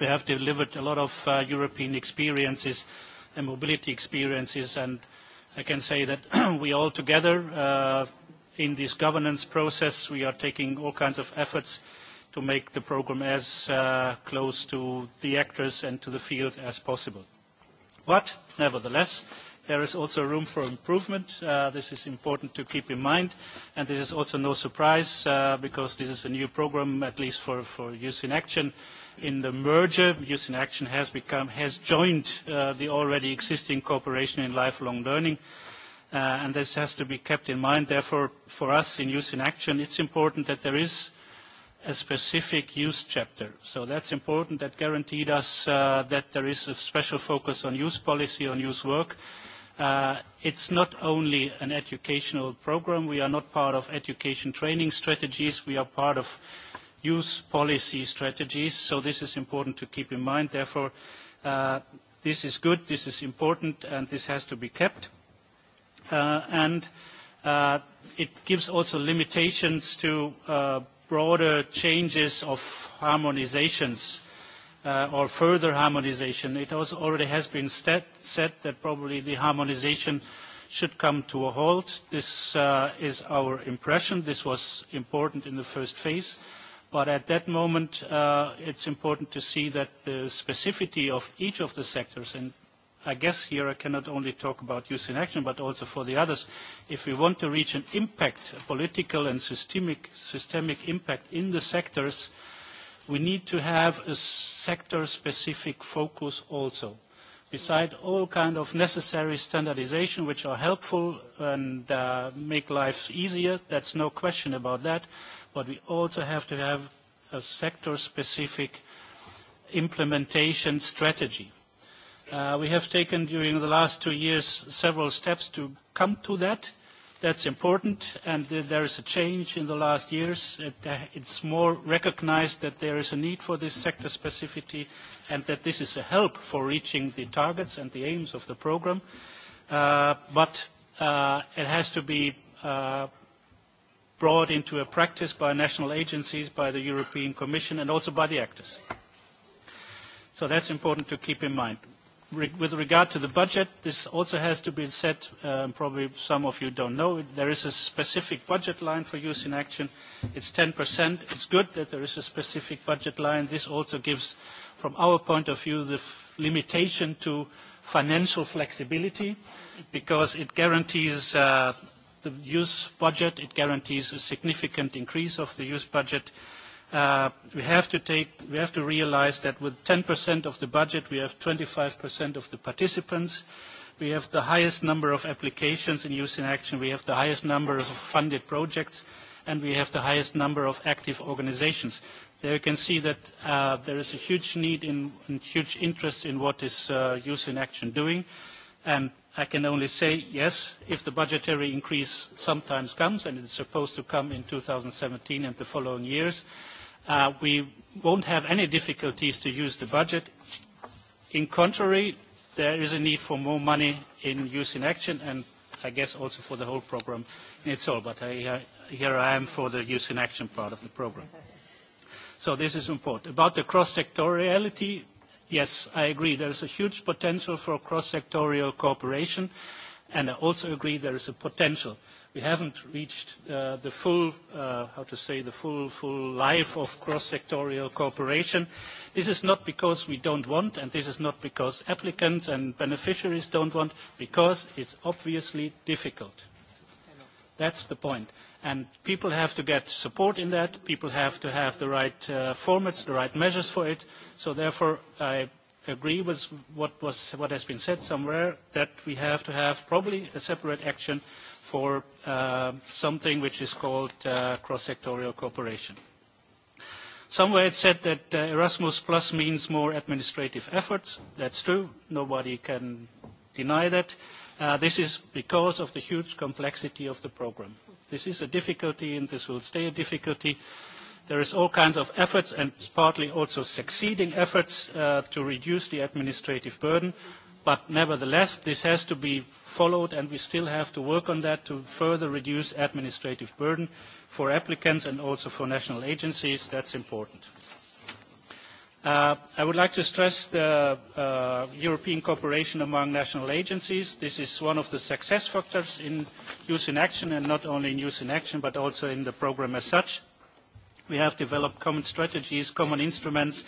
We have delivered a lot of uh, European experiences and mobility experiences, and I can say that we all together uh, in this governance process, we are taking all kinds of efforts uh, to make the program as uh, close to the actors and to the field as possible. But nevertheless, there is also room for improvement. Uh, this is important to keep in mind, and this is also no surprise uh, because this is a new program, at least for, for Youth in Action. In the merger, Youth in Action has, become, has joined uh, the already existing cooperation in lifelong learning, uh, and this has to be kept in mind. Therefore, for us in Youth in Action, it's important that there is uh, a specific youth chapter. So that's important. That guaranteed us uh, that there is a special focus on youth policy, on youth work. Uh, it's not only an educational program. We are not part of education training strategies. We are part of youth policy strategies. So this is important to keep in mind. Therefore, uh, this is good, this is important, and this has to be kept. Uh, and uh, it gives also limitations to uh, broader changes of harmonizations uh, or further harmonization. It also already has been stat, said that probably the harmonization should come to a halt. This uh, is our impression. This was important in the first phase. But at that moment, uh, it's important to see that the specificity of each of the sectors, and I guess here I cannot only talk about youth in action, but also for the others. If we want to reach an impact, a political and systemic, systemic impact in the sectors, we need to have a sector-specific focus also. Beside all kind of necessary standardization, which are helpful and uh, make life easier, that's no question about that, but we also have to have a sector-specific implementation strategy Uh, we have taken during the last two years several steps to come to that. That's important, and th there is a change in the last years. It, uh, it's more recognized that there is a need for this sector specificity and that this is a help for reaching the targets and the aims of the program. Uh, but uh, it has to be uh, brought into a practice by national agencies, by the European Commission, and also by the actors. So that's important to keep in mind re with regard to the budget, this also has to be said, um, probably some of you don't know, there is a specific budget line for Youth in Action. It's 10%. It's good that there is a specific budget line. This also gives, from our point of view, the f limitation to financial flexibility because it guarantees uh, the youth budget, it guarantees a significant increase of the youth budget uh, Uh, we have to take, we have to realize that with 10% of the budget, we have 25% of the participants. We have the highest number of applications in Youth in Action. We have the highest number of funded projects, and we have the highest number of active organizations. There you can see that uh, there is a huge need in, and huge interest in what is uh, Youth in Action doing. And I can only say, yes, if the budgetary increase sometimes comes, and it's supposed to come in 2017 and the following years, uh, we won't have any difficulties to use the budget. In contrary, there is a need for more money in Youth in Action and I guess also for the whole program in its all, but I, uh, here I am for the Youth in Action part of the program. So this is important. About the cross-sectoriality, yes, I agree. There is a huge potential for cross-sectorial cooperation, and I also agree there is a potential uh, we haven't reached uh, the full, uh, how to say, the full, full life of cross-sectorial cooperation. This is not because we don't want, and this is not because applicants and beneficiaries don't want, because it's obviously difficult. That's the point. And people have to get support in that. People have to have the right uh, formats, the right measures for it. So therefore, I agree with what, was, what has been said somewhere, that we have to have probably a separate action for uh, something which is called uh, cross-sectorial cooperation. Somewhere it said that uh, Erasmus Plus means more administrative efforts. That's true. Nobody can deny that. Uh, this is because of the huge complexity of the program. This is a difficulty and this will stay a difficulty. There is all kinds of efforts and partly also succeeding efforts uh, to reduce the administrative burden, but nevertheless this has to be followed, and we still have to work on that to further reduce administrative burden for applicants and also for national agencies. That's important. Uh, I would like to stress the uh, European cooperation among national agencies. This is one of the success factors in Youth in Action, and not only in Youth in Action, but also in the program as such. We have developed common strategies, common instruments,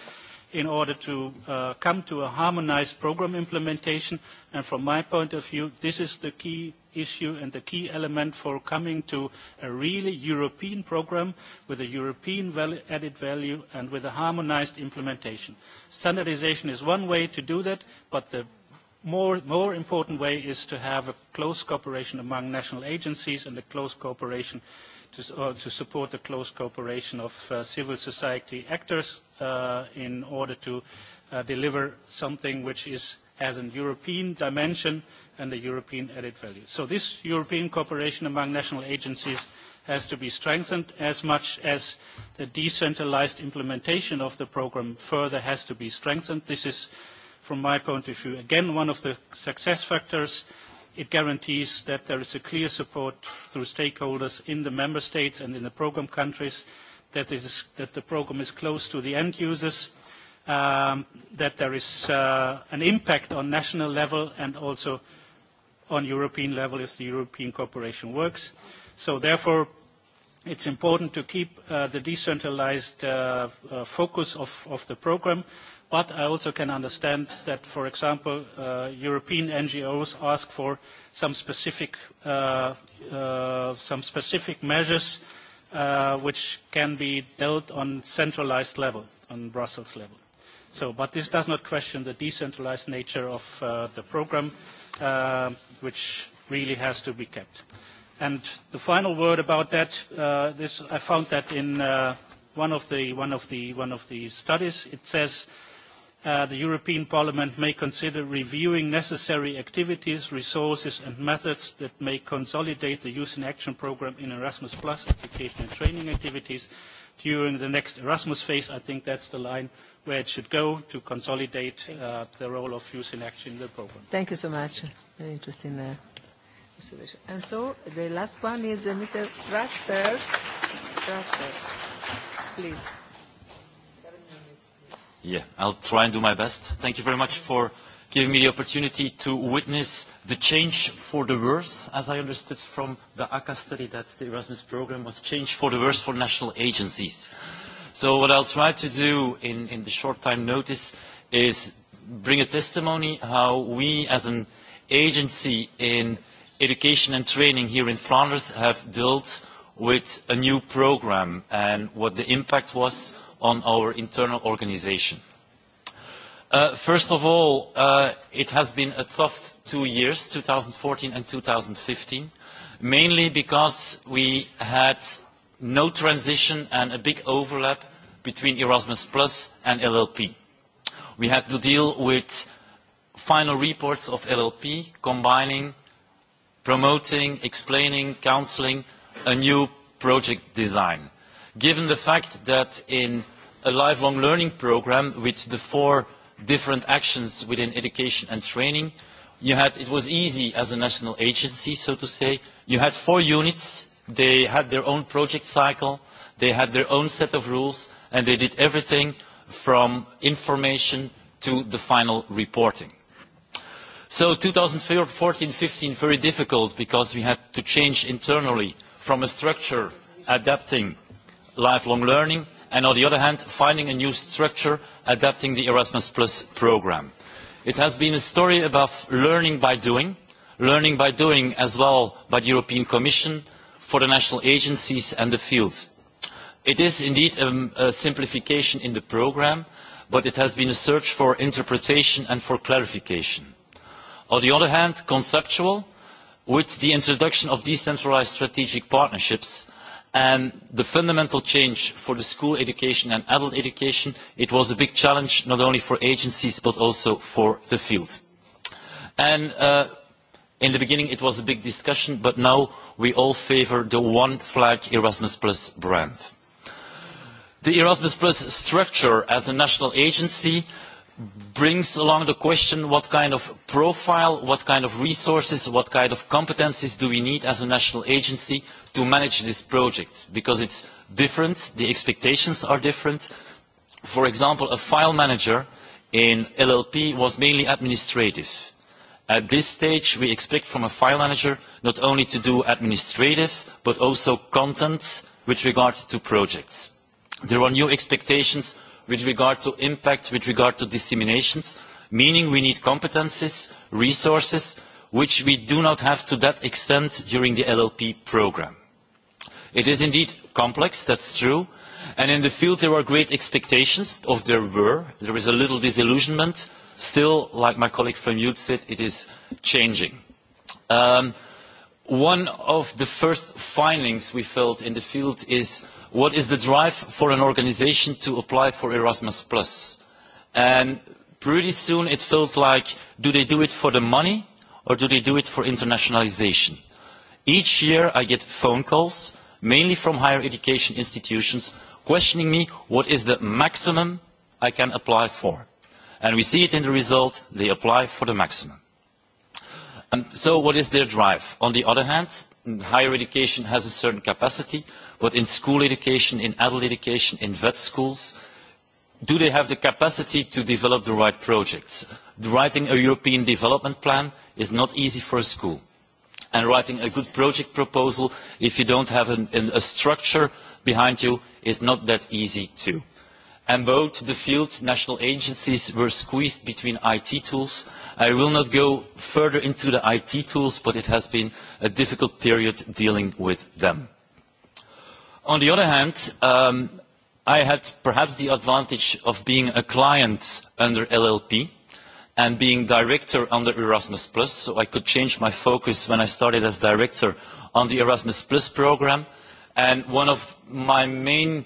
in order to uh, come to a harmonized program implementation. And from my point of view, this is the key issue and the key element for coming to a really European program with a European value, added value and with a harmonized implementation. Standardization is one way to do that, but the more, more important way is to have a close cooperation among national agencies and a close cooperation uh, to, uh, to support the close cooperation of uh, civil society actors uh, in order to uh, deliver something which is, has a European dimension and a European added value. So this European cooperation among national agencies has to be strengthened as much as the decentralized implementation of the program further has to be strengthened. This is, from my point of view, again, one of the success factors uh, It guarantees that there is a clear support through stakeholders in the member states and in the program countries, that, is, that the program is close to the end users, um, that there is uh, an impact on national level and also on European level if the European cooperation works. So therefore, it's important to keep uh, the decentralized uh, uh, focus of, of the program But I also can understand that, for example, uh, European NGOs ask for some specific, uh, uh, some specific measures uh, which can be dealt on centralized level, on Brussels level. So, but this does not question the decentralized nature of uh, the program, uh, which really has to be kept. And the final word about that, uh, this, I found that in uh, one, of the, one, of the, one of the studies, it says uh, the European Parliament may consider reviewing necessary activities, resources and methods that may consolidate the Youth in Action programme in Erasmus Plus education and training activities during the next Erasmus phase. I think that's the line where it should go to consolidate uh, the role of youth in action in the programme. Thank you so much. Very interesting uh, observation. And so the last one is uh, Mr. Rassert. Rassert, please. Yeah, I'll try and do my best. Thank you very much for giving me the opportunity to witness the change for the worse, as I understood from the ACA study that the Erasmus program was changed for the worse for national agencies. So what I'll try to do in, in the short time notice is bring a testimony how we as an agency in education and training here in Flanders have dealt with a new program and what the impact was on our internal organization. Uh, first of all, uh, it has been a tough two years, 2014 and 2015, mainly because we had no transition and a big overlap between Erasmus Plus and LLP. We had to deal with final reports of LLP combining, promoting, explaining, counseling a new project design. Given the fact that in a lifelong learning program with the four different actions within education and training. You had, it was easy as a national agency, so to say. You had four units. They had their own project cycle. They had their own set of rules, and they did everything from information to the final reporting. So 2014-15, very difficult because we had to change internally from a structure adapting lifelong learning and on the other hand, finding a new structure, adapting the Erasmus Plus program. It has been a story about learning by doing, learning by doing as well by the European Commission, for the national agencies and the field. It is indeed um, a simplification in the program, but it has been a search for interpretation and for clarification. On the other hand, conceptual, with the introduction of decentralized strategic partnerships, And um, the fundamental change for the school education and adult education, it was a big challenge not only for agencies but also for the field. And uh, in the beginning it was a big discussion, but now we all favor the one flag Erasmus Plus brand. The Erasmus Plus structure as a national agency brings along the question what kind of profile, what kind of resources, what kind of competencies do we need as a national agency to manage this project? Because it's different, the expectations are different. For example, a file manager in LLP was mainly administrative. At this stage, we expect from a file manager not only to do administrative, but also content with regard to projects. There are new expectations with regard to impact, with regard to disseminations, meaning we need competences, resources, which we do not have to that extent during the LLP program. It is indeed complex, that's true, and in the field there are great expectations, of there were. There is a little disillusionment. Still, like my colleague from Youth said, it is changing. Um, one of the first findings we felt in the field is what is the drive for an organization to apply for Erasmus Plus? And pretty soon it felt like, do they do it for the money or do they do it for internationalization? Each year I get phone calls, mainly from higher education institutions, questioning me what is the maximum I can apply for. And we see it in the result, they apply for the maximum. Um, so what is their drive? On the other hand, higher education has a certain capacity But in school education, in adult education, in vet schools, do they have the capacity to develop the right projects? Writing a European development plan is not easy for a school. And writing a good project proposal, if you don't have an, an, a structure behind you, is not that easy too. And both the field national agencies were squeezed between IT tools. I will not go further into the IT tools, but it has been a difficult period dealing with them. On the other hand, um, I had perhaps the advantage of being a client under LLP and being director under Erasmus+, Plus, so I could change my focus when I started as director on the Erasmus Plus program. And one of my main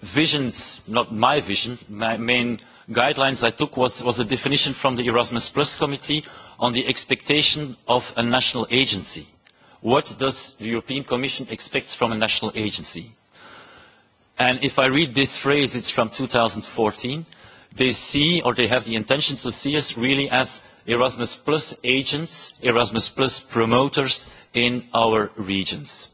visions, not my vision, my main guidelines I took was, was a definition from the Erasmus Plus committee on the expectation of a national agency what does the European Commission expects from a national agency? And if I read this phrase, it's from 2014, they see or they have the intention to see us really as Erasmus Plus agents, Erasmus Plus promoters in our regions.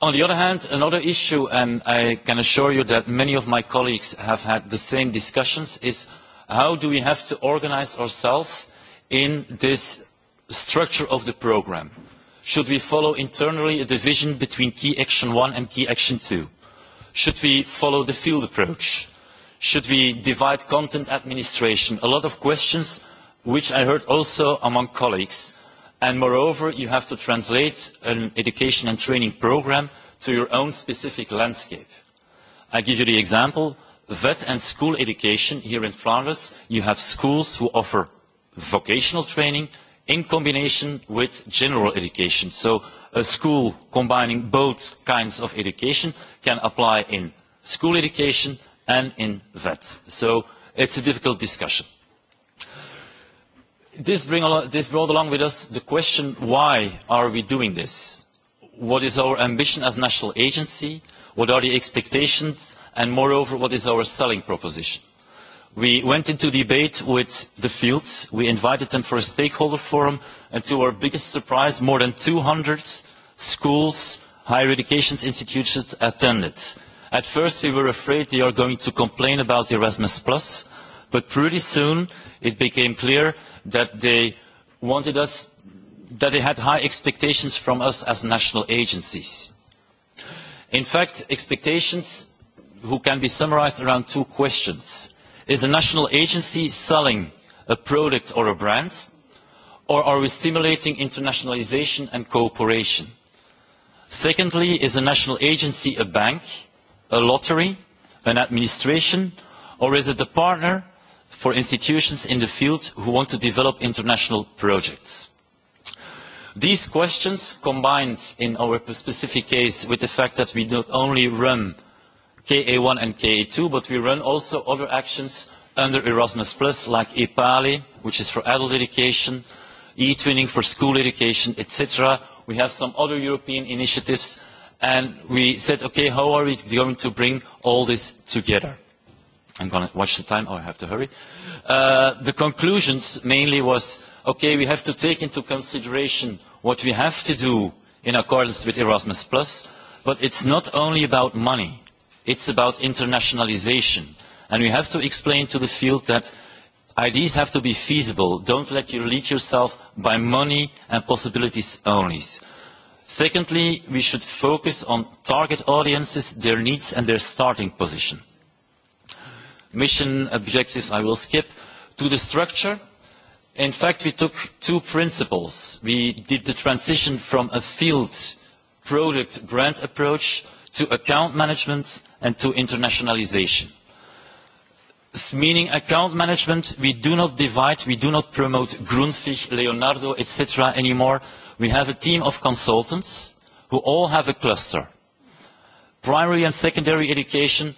On the other hand, another issue, and I can assure you that many of my colleagues have had the same discussions, is how do we have to organize ourselves in this structure of the program? Should we follow internally a division between key action 1 and key action 2? Should we follow the field approach? Should we divide content administration? A lot of questions which I heard also among colleagues. And moreover, you have to translate an education and training program to your own specific landscape. I give you the example, vet and school education here in Flanders, you have schools who offer vocational training, in combination with general education. So a school combining both kinds of education can apply in school education and in VET. So it's a difficult discussion. This, bring along, this brought along with us the question, why are we doing this? What is our ambition as national agency? What are the expectations? And moreover, what is our selling proposition? We went into debate with the field. We invited them for a stakeholder forum. And to our biggest surprise, more than 200 schools, higher education institutions attended. At first, we were afraid they are going to complain about Erasmus+, Plus, but pretty soon it became clear that they wanted us, that they had high expectations from us as national agencies. In fact, expectations who can be summarized around two questions Is a national agency selling a product or a brand? Or are we stimulating internationalization and cooperation? Secondly, is a national agency a bank, a lottery, an administration, or is it a partner for institutions in the field who want to develop international projects? These questions, combined in our specific case with the fact that we not only run KA1 and KA2, but we run also other actions under Erasmus+, Plus, like EPALE, which is for adult education, e-twinning for school education, etc. We have some other European initiatives, and we said, okay, how are we going to bring all this together? I'm going to watch the time, or oh, I have to hurry. Uh, the conclusions mainly was, okay, we have to take into consideration what we have to do in accordance with Erasmus+, Plus, but it's not only about money It's about internationalization. And we have to explain to the field that ideas have to be feasible. Don't let you lead yourself by money and possibilities only. Secondly, we should focus on target audiences, their needs and their starting position. Mission objectives I will skip. To the structure, in fact, we took two principles. We did the transition from a field product brand approach to account management and to internationalization. Meaning account management, we do not divide, we do not promote Grundfig, Leonardo, etc. anymore. We have a team of consultants who all have a cluster. Primary and secondary education,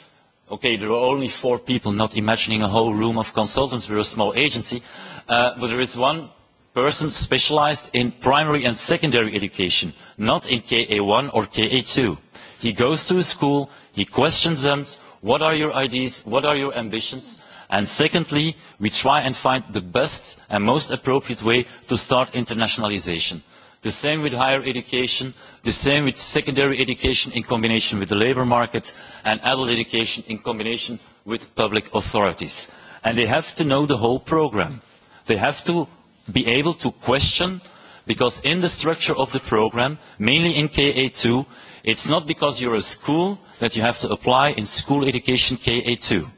okay, there are only four people, not imagining a whole room of consultants, we're a small agency, uh, but there is one person specialized in primary and secondary education, not in KA1 or KA2. He goes to a school, He questions them, what are your ideas, what are your ambitions, and secondly, we try and find the best and most appropriate way to start internationalization. The same with higher education, the same with secondary education in combination with the labor market, and adult education in combination with public authorities. And they have to know the whole program. They have to be able to question, because in the structure of the program, mainly in KA2, It's not because you're a school that you have to apply in school education KA2.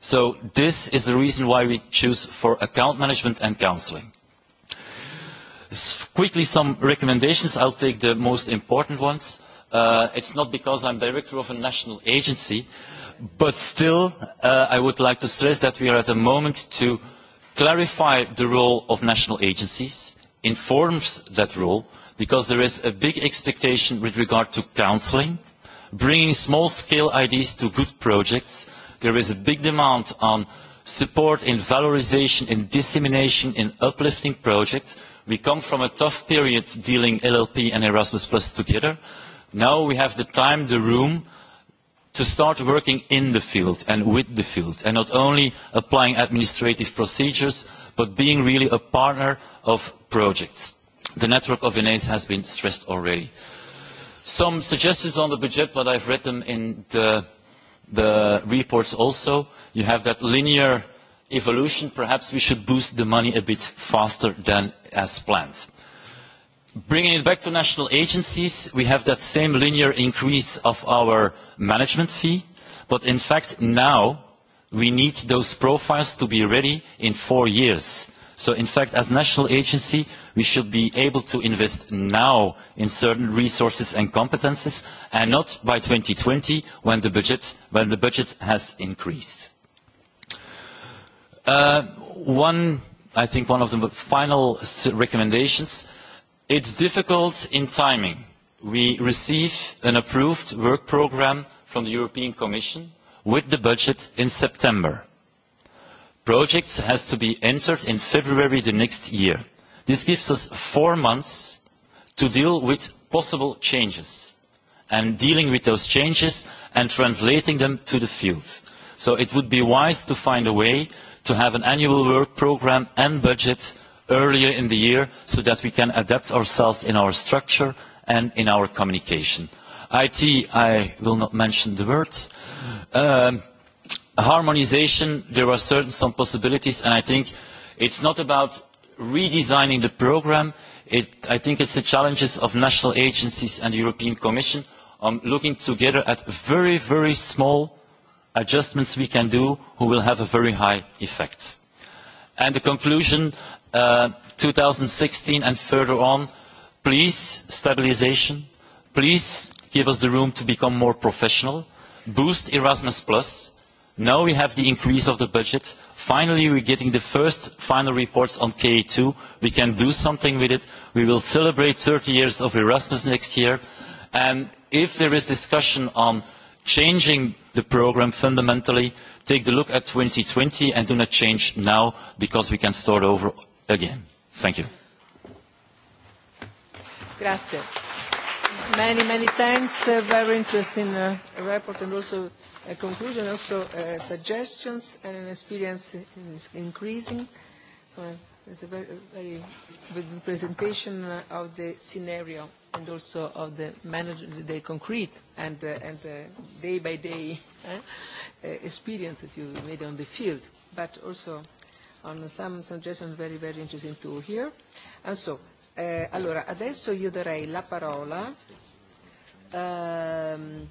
So this is the reason why we choose for account management and counseling. S quickly, some recommendations. I'll take the most important ones. Uh, it's not because I'm director of a national agency, but still, uh, I would like to stress that we are at a moment to clarify the role of national agencies, informs that role, uh, because there is a big expectation with regard to counseling, bringing small-scale ideas to good projects. There is a big demand on support in valorization, in dissemination, in uplifting projects. We come from a tough period dealing LLP and Erasmus Plus together. Now we have the time, the room to start working in the field and with the field and not only applying administrative procedures but being really a partner of projects. The network of INES has been stressed already. Some suggestions on the budget, but I've read them in the, the reports also. You have that linear evolution. Perhaps we should boost the money a bit faster than as planned. Bringing it back to national agencies, we have that same linear increase of our management fee. But in fact, now we need those profiles to be ready in four years. So in fact, as national agency, we should be able to invest now in certain resources and competences, and not by 2020 when the budget, when the budget has increased. Uh, one, I think one of the final recommendations, it's difficult in timing. We receive an approved work program from the European Commission with the budget in September projects has to be entered in February the next year. This gives us four months to deal with possible changes and dealing with those changes and translating them to the field. So it would be wise to find a way to have an annual work program and budget earlier in the year so that we can adapt ourselves in our structure and in our communication. IT, I will not mention the word. Um, harmonization, there are certain some possibilities, and I think it's not about redesigning the program. It, I think it's the challenges of national agencies and the European Commission on looking together at very, very small adjustments we can do who will have a very high effect. And the conclusion, uh, 2016 and further on, please, stabilization. Please give us the room to become more professional. Boost Erasmus+. Plus Now we have the increase of the budget. Finally, we're getting the first final reports on KA2. We can do something with it. We will celebrate 30 years of Erasmus next year. And if there is discussion on changing the program fundamentally, take a look at 2020 and do not change now because we can start over again. Thank you. Grazie. Many, many thanks. A uh, very interesting uh, report and also uh, conclusion, also uh, suggestions and an experience is increasing. So it's a very, very good presentation uh, of the scenario and also of the, manage the concrete and, uh, and uh, day by day eh, uh, experience that you made on the field, but also on some suggestions very, very interesting to hear. And so, eh, allora, adesso io darei la parola ehm,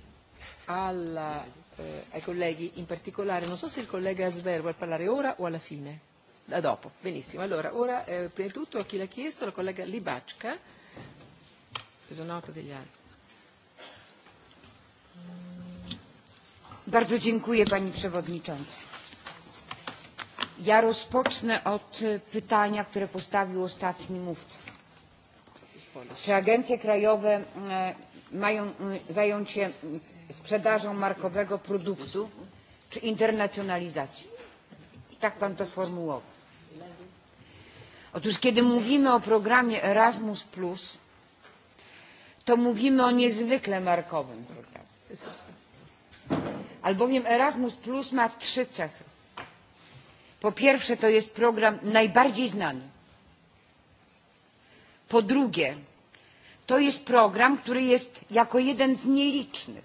alla eh, ai colleghi in particolare. Non so se il collega Sver vuole parlare ora o alla fine. Da dopo, benissimo. Allora, ora eh, prima di tutto a chi l'ha chiesto, la collega Libacca. Ho preso nota degli altri. Bardzo dziękuję Pani Przewodnicząca. Ja rozpocznę od e, pytania, które postawił ostatni mówca. Czy agencje krajowe e, mają e, zająć się sprzedażą markowego produktu czy internacjonalizacją. Tak pan to sformułował. Otóż kiedy mówimy o programie Erasmus, to mówimy o niezwykle markowym programie. Albowiem Erasmus ma trzy cechy. Po pierwsze, to jest program najbardziej znany. Po drugie, to jest program, który jest jako jeden z nielicznych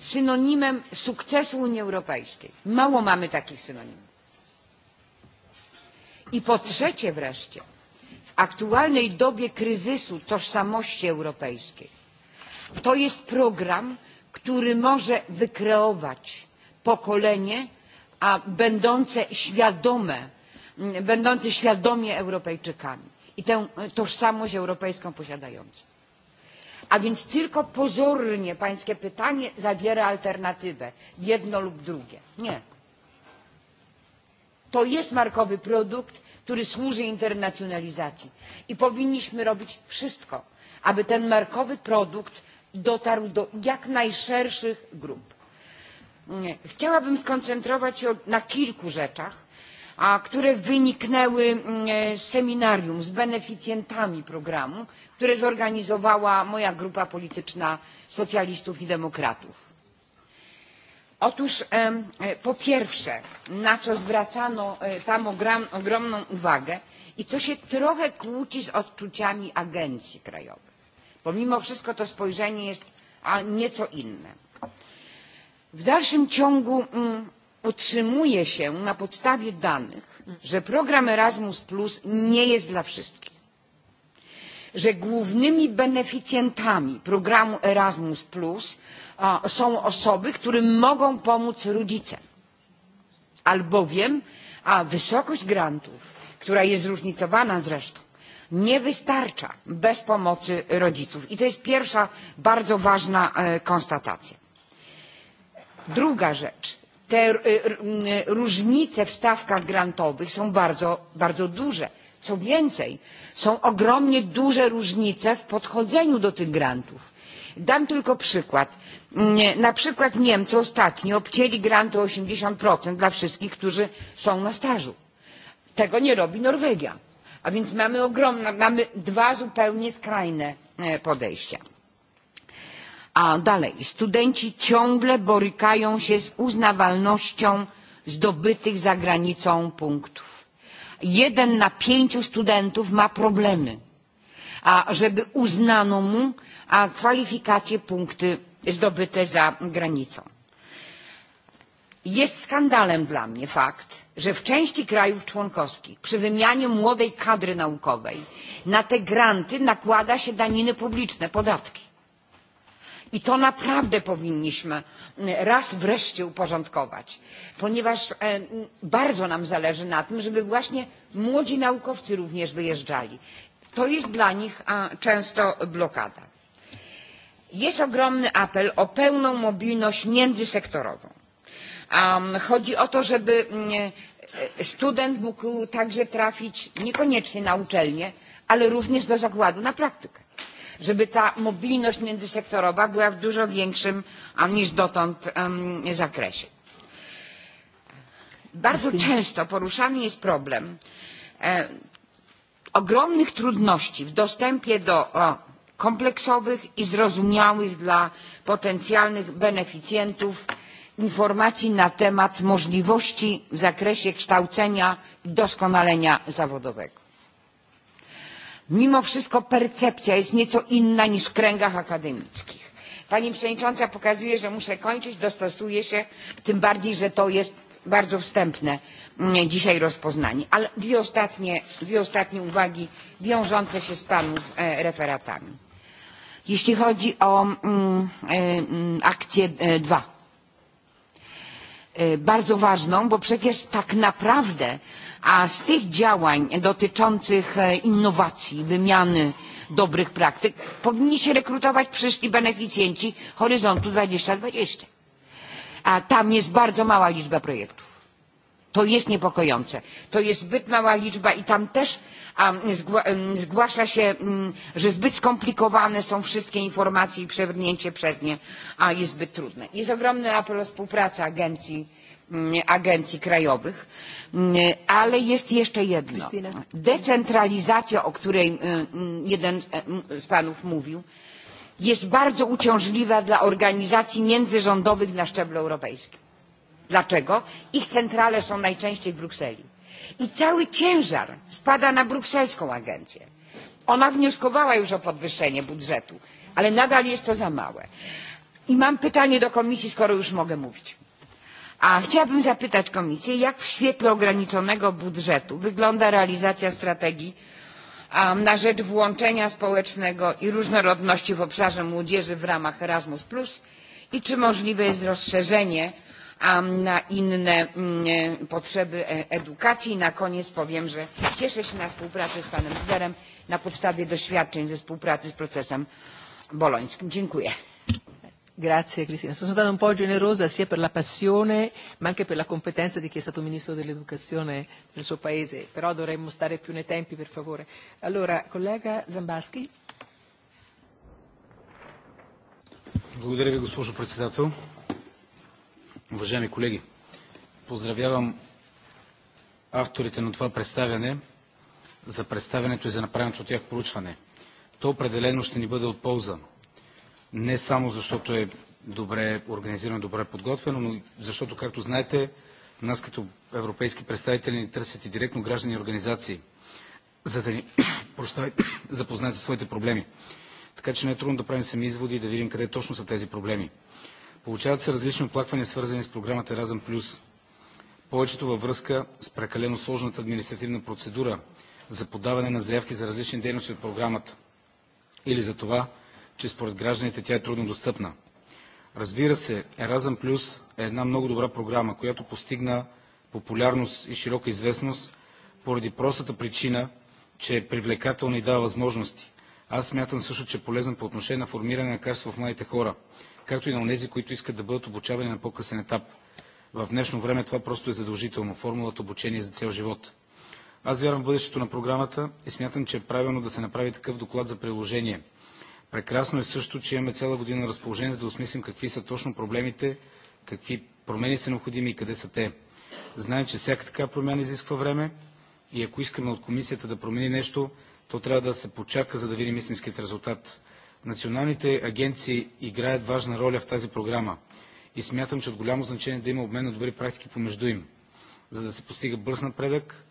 synonimem sukcesu Unii Europejskiej. Mało mamy takich synonimów. I po trzecie wreszcie, w aktualnej dobie kryzysu tożsamości europejskiej, to jest program, który może wykreować pokolenie a będące świadome, będące świadomie Europejczykami i tę tożsamość europejską posiadające. A więc tylko pozornie pańskie pytanie zawiera alternatywę, jedno lub drugie. Nie. To jest markowy produkt, który służy internacjonalizacji i powinniśmy robić wszystko, aby ten markowy produkt dotarł do jak najszerszych grup. Chciałabym skoncentrować się na kilku rzeczach, a które wyniknęły mm, e, z seminarium z beneficjentami programu które zorganizowała moja grupa polityczna socjalistów i demokratów. otóż e, po pierwsze na co zwracano e, tam ogromną uwagę i co się trochę kłóci z odczuciami agencji krajowych bo mimo wszystko to spojrzenie jest nieco inne w dalszym ciągu mm, utrzymuje się na podstawie danych że program erasmus nie jest dla wszystkich że głównymi beneficjentami programu erasmus są osoby którym mogą pomóc rodzice albowiem wysokość grantów która jest zróżnicowana zresztą nie wystarcza bez pomocy rodziców i to jest pierwsza bardzo ważna e, konstatacja. druga rzecz te e, mm, różnice w stawkach grantowych są bardzo, bardzo duże. Co więcej, są ogromnie duże różnice w podchodzeniu do tych grantów. Dam tylko przykład. Mm, e, na przykład Niemcy ostatnio obcięli grant o 80% dla wszystkich, którzy są na stażu. Tego nie robi Norwegia. A więc mamy ogromne, mamy dwa zupełnie skrajne e, podejścia A dalej, studenci ciągle borykają się z uznawalnością zdobytych za granicą punktów. Jeden na pięciu studentów ma problemy, a żeby uznano mu a kwalifikacje punkty zdobyte za granicą. Jest skandalem dla mnie fakt, że w części krajów członkowskich przy wymianie młodej kadry naukowej na te granty nakłada się daniny publiczne, podatki I to naprawdę powinniśmy mm, raz wreszcie uporządkować, ponieważ e, bardzo nam zależy na tym, żeby właśnie młodzi naukowcy również wyjeżdżali. To jest dla nich często blokada. Jest ogromny apel o pełną mobilność międzysektorową. Chodzi o to, żeby mm, e, student mógł także trafić niekoniecznie na uczelnię, ale również do zakładu na praktykę żeby ta mobilność międzysektorowa była w dużo większym niż dotąd zakresie. Bardzo często poruszany jest problem e, ogromnych trudności w dostępie do kompleksowych i zrozumiałych dla potencjalnych beneficjentów informacji na temat możliwości w zakresie kształcenia i doskonalenia zawodowego mimo wszystko percepcja jest nieco inna niż w kręgach akademickich. pani przewodnicząca pokazuje że muszę kończyć dostosuję się tym bardziej że to jest bardzo wstępne mm, dzisiaj rozpoznanie. ale dwie ostatnie, dwie ostatnie uwagi wiążące się z panu z e, referatami. jeśli chodzi o mm, y, e, mm, akcję e, dwa bardzo ważną bo przecież tak naprawdę a z tych działań dotyczących e, innowacji wymiany dobrych praktyk powinni się rekrutować przyszli beneficjenci horyzontu dwa tysiące dwadzieścia a tam jest bardzo mała liczba projektów. to jest niepokojące to jest zbyt mała liczba i tam też a, zgła zgłasza się że zbyt skomplikowane są wszystkie informacje i przebrnięcie przez nie a jest zbyt trudne. jest ogromny apel o współpracę agencji Mm, agencji krajowych mm, ale jest jeszcze jedno decentralizacja o której mm, jeden e, z panów mówił jest bardzo uciążliwa dla organizacji międzyrządowych na szczeblu europejskim. dlaczego? ich centrale są najczęściej w brukseli i cały ciężar spada na brukselską agencję. ona wnioskowała już o podwyższenie budżetu ale nadal jest to za małe. i mam pytanie do komisji skoro już mogę mówić A chciałabym zapytać Komisję, jak w świetle ograniczonego budżetu wygląda realizacja strategii um, na rzecz włączenia społecznego i różnorodności w obszarze młodzieży w ramach Erasmus i czy możliwe jest rozszerzenie um, na inne mm, potrzeby e, edukacji. I na koniec powiem, że cieszę się na współpracę z panem Zwerem na podstawie doświadczeń ze współpracy z procesem bolońskim. Dziękuję. Grazie Cristina. Sono stata un po' generosa sia per la passione ma anche per la competenza di chi è stato Ministro dell'Educazione del suo Paese, però dovremmo stare più nei tempi per favore. Allora, collega Zambaschi. Благодаря ви, госпожо председател. Уважаеми колеги, поздравявам авторите на това представяне за представянето и за направеното от тях проучване. То определено ще ни бъде от полза не само защото е добре организирано, добре подготвено, но защото, както знаете, нас като европейски представители ни търсят и директно граждани и организации, за да ни запознаят със своите проблеми. Така че не е трудно да правим сами изводи и да видим къде точно са тези проблеми. Получават се различни оплаквания, свързани с програмата Еразъм Плюс. Повечето във връзка с прекалено сложната административна процедура за подаване на заявки за различни дейности от програмата. Или за това, че според гражданите тя е трудно достъпна. Разбира се, Еразъм Плюс е една много добра програма, която постигна популярност и широка известност поради простата причина, че е привлекателна и дава възможности. Аз смятам също, че е полезен по отношение на формиране на качество в младите хора, както и на тези, които искат да бъдат обучавани на по-късен етап. В днешно време това просто е задължително. Формулата обучение за цял живот. Аз вярвам в бъдещето на програмата и смятам, че е правилно да се направи такъв доклад за приложение – Прекрасно е също, че имаме цяла година на разположение, за да осмислим какви са точно проблемите, какви промени са необходими и къде са те. Знаем, че всяка така промяна изисква време и ако искаме от комисията да промени нещо, то трябва да се почака, за да видим истинският резултат. Националните агенции играят важна роля в тази програма и смятам, че от голямо значение да има обмен на добри практики помежду им, за да се постига бърз напредък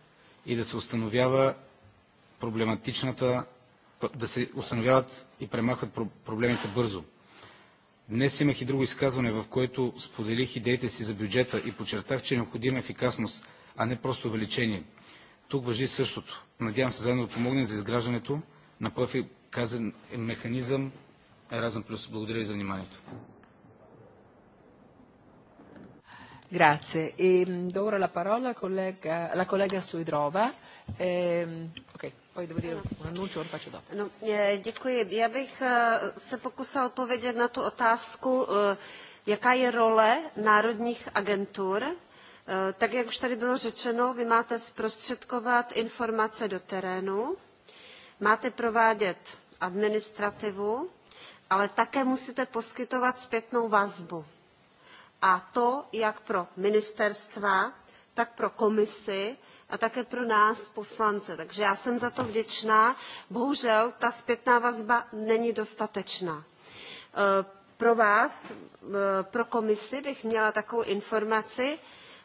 и да се установява проблематичната да се установяват и премахват проблемите бързо. Днес имах и друго изказване, в което споделих идеите си за бюджета и подчертах, че е необходима ефикасност, а не просто увеличение. Тук въжи същото. Надявам се заедно да помогнем за изграждането на по-ефикасен механизъм Еразъм Плюс. Благодаря ви за вниманието. Grazie. E do ora la parola collega, alla collega Suidrova Ehm, ok, poi devo dire un annuncio, lo faccio dopo. No, děkuji. Já bych eh, se pokusila odpovědět na tu otázku, eh, jaká je role národních agentur. Eh, tak, jak už tady bylo řečeno, vy máte zprostředkovat informace do terénu, máte provádět administrativu, ale také musíte poskytovat zpětnou vazbu. A to jak pro ministerstva, tak pro komisi a také pro nás poslance. Takže já jsem za to vděčná. Bohužel ta zpětná vazba není dostatečná. E, pro vás, e, pro komisi bych měla takovou informaci.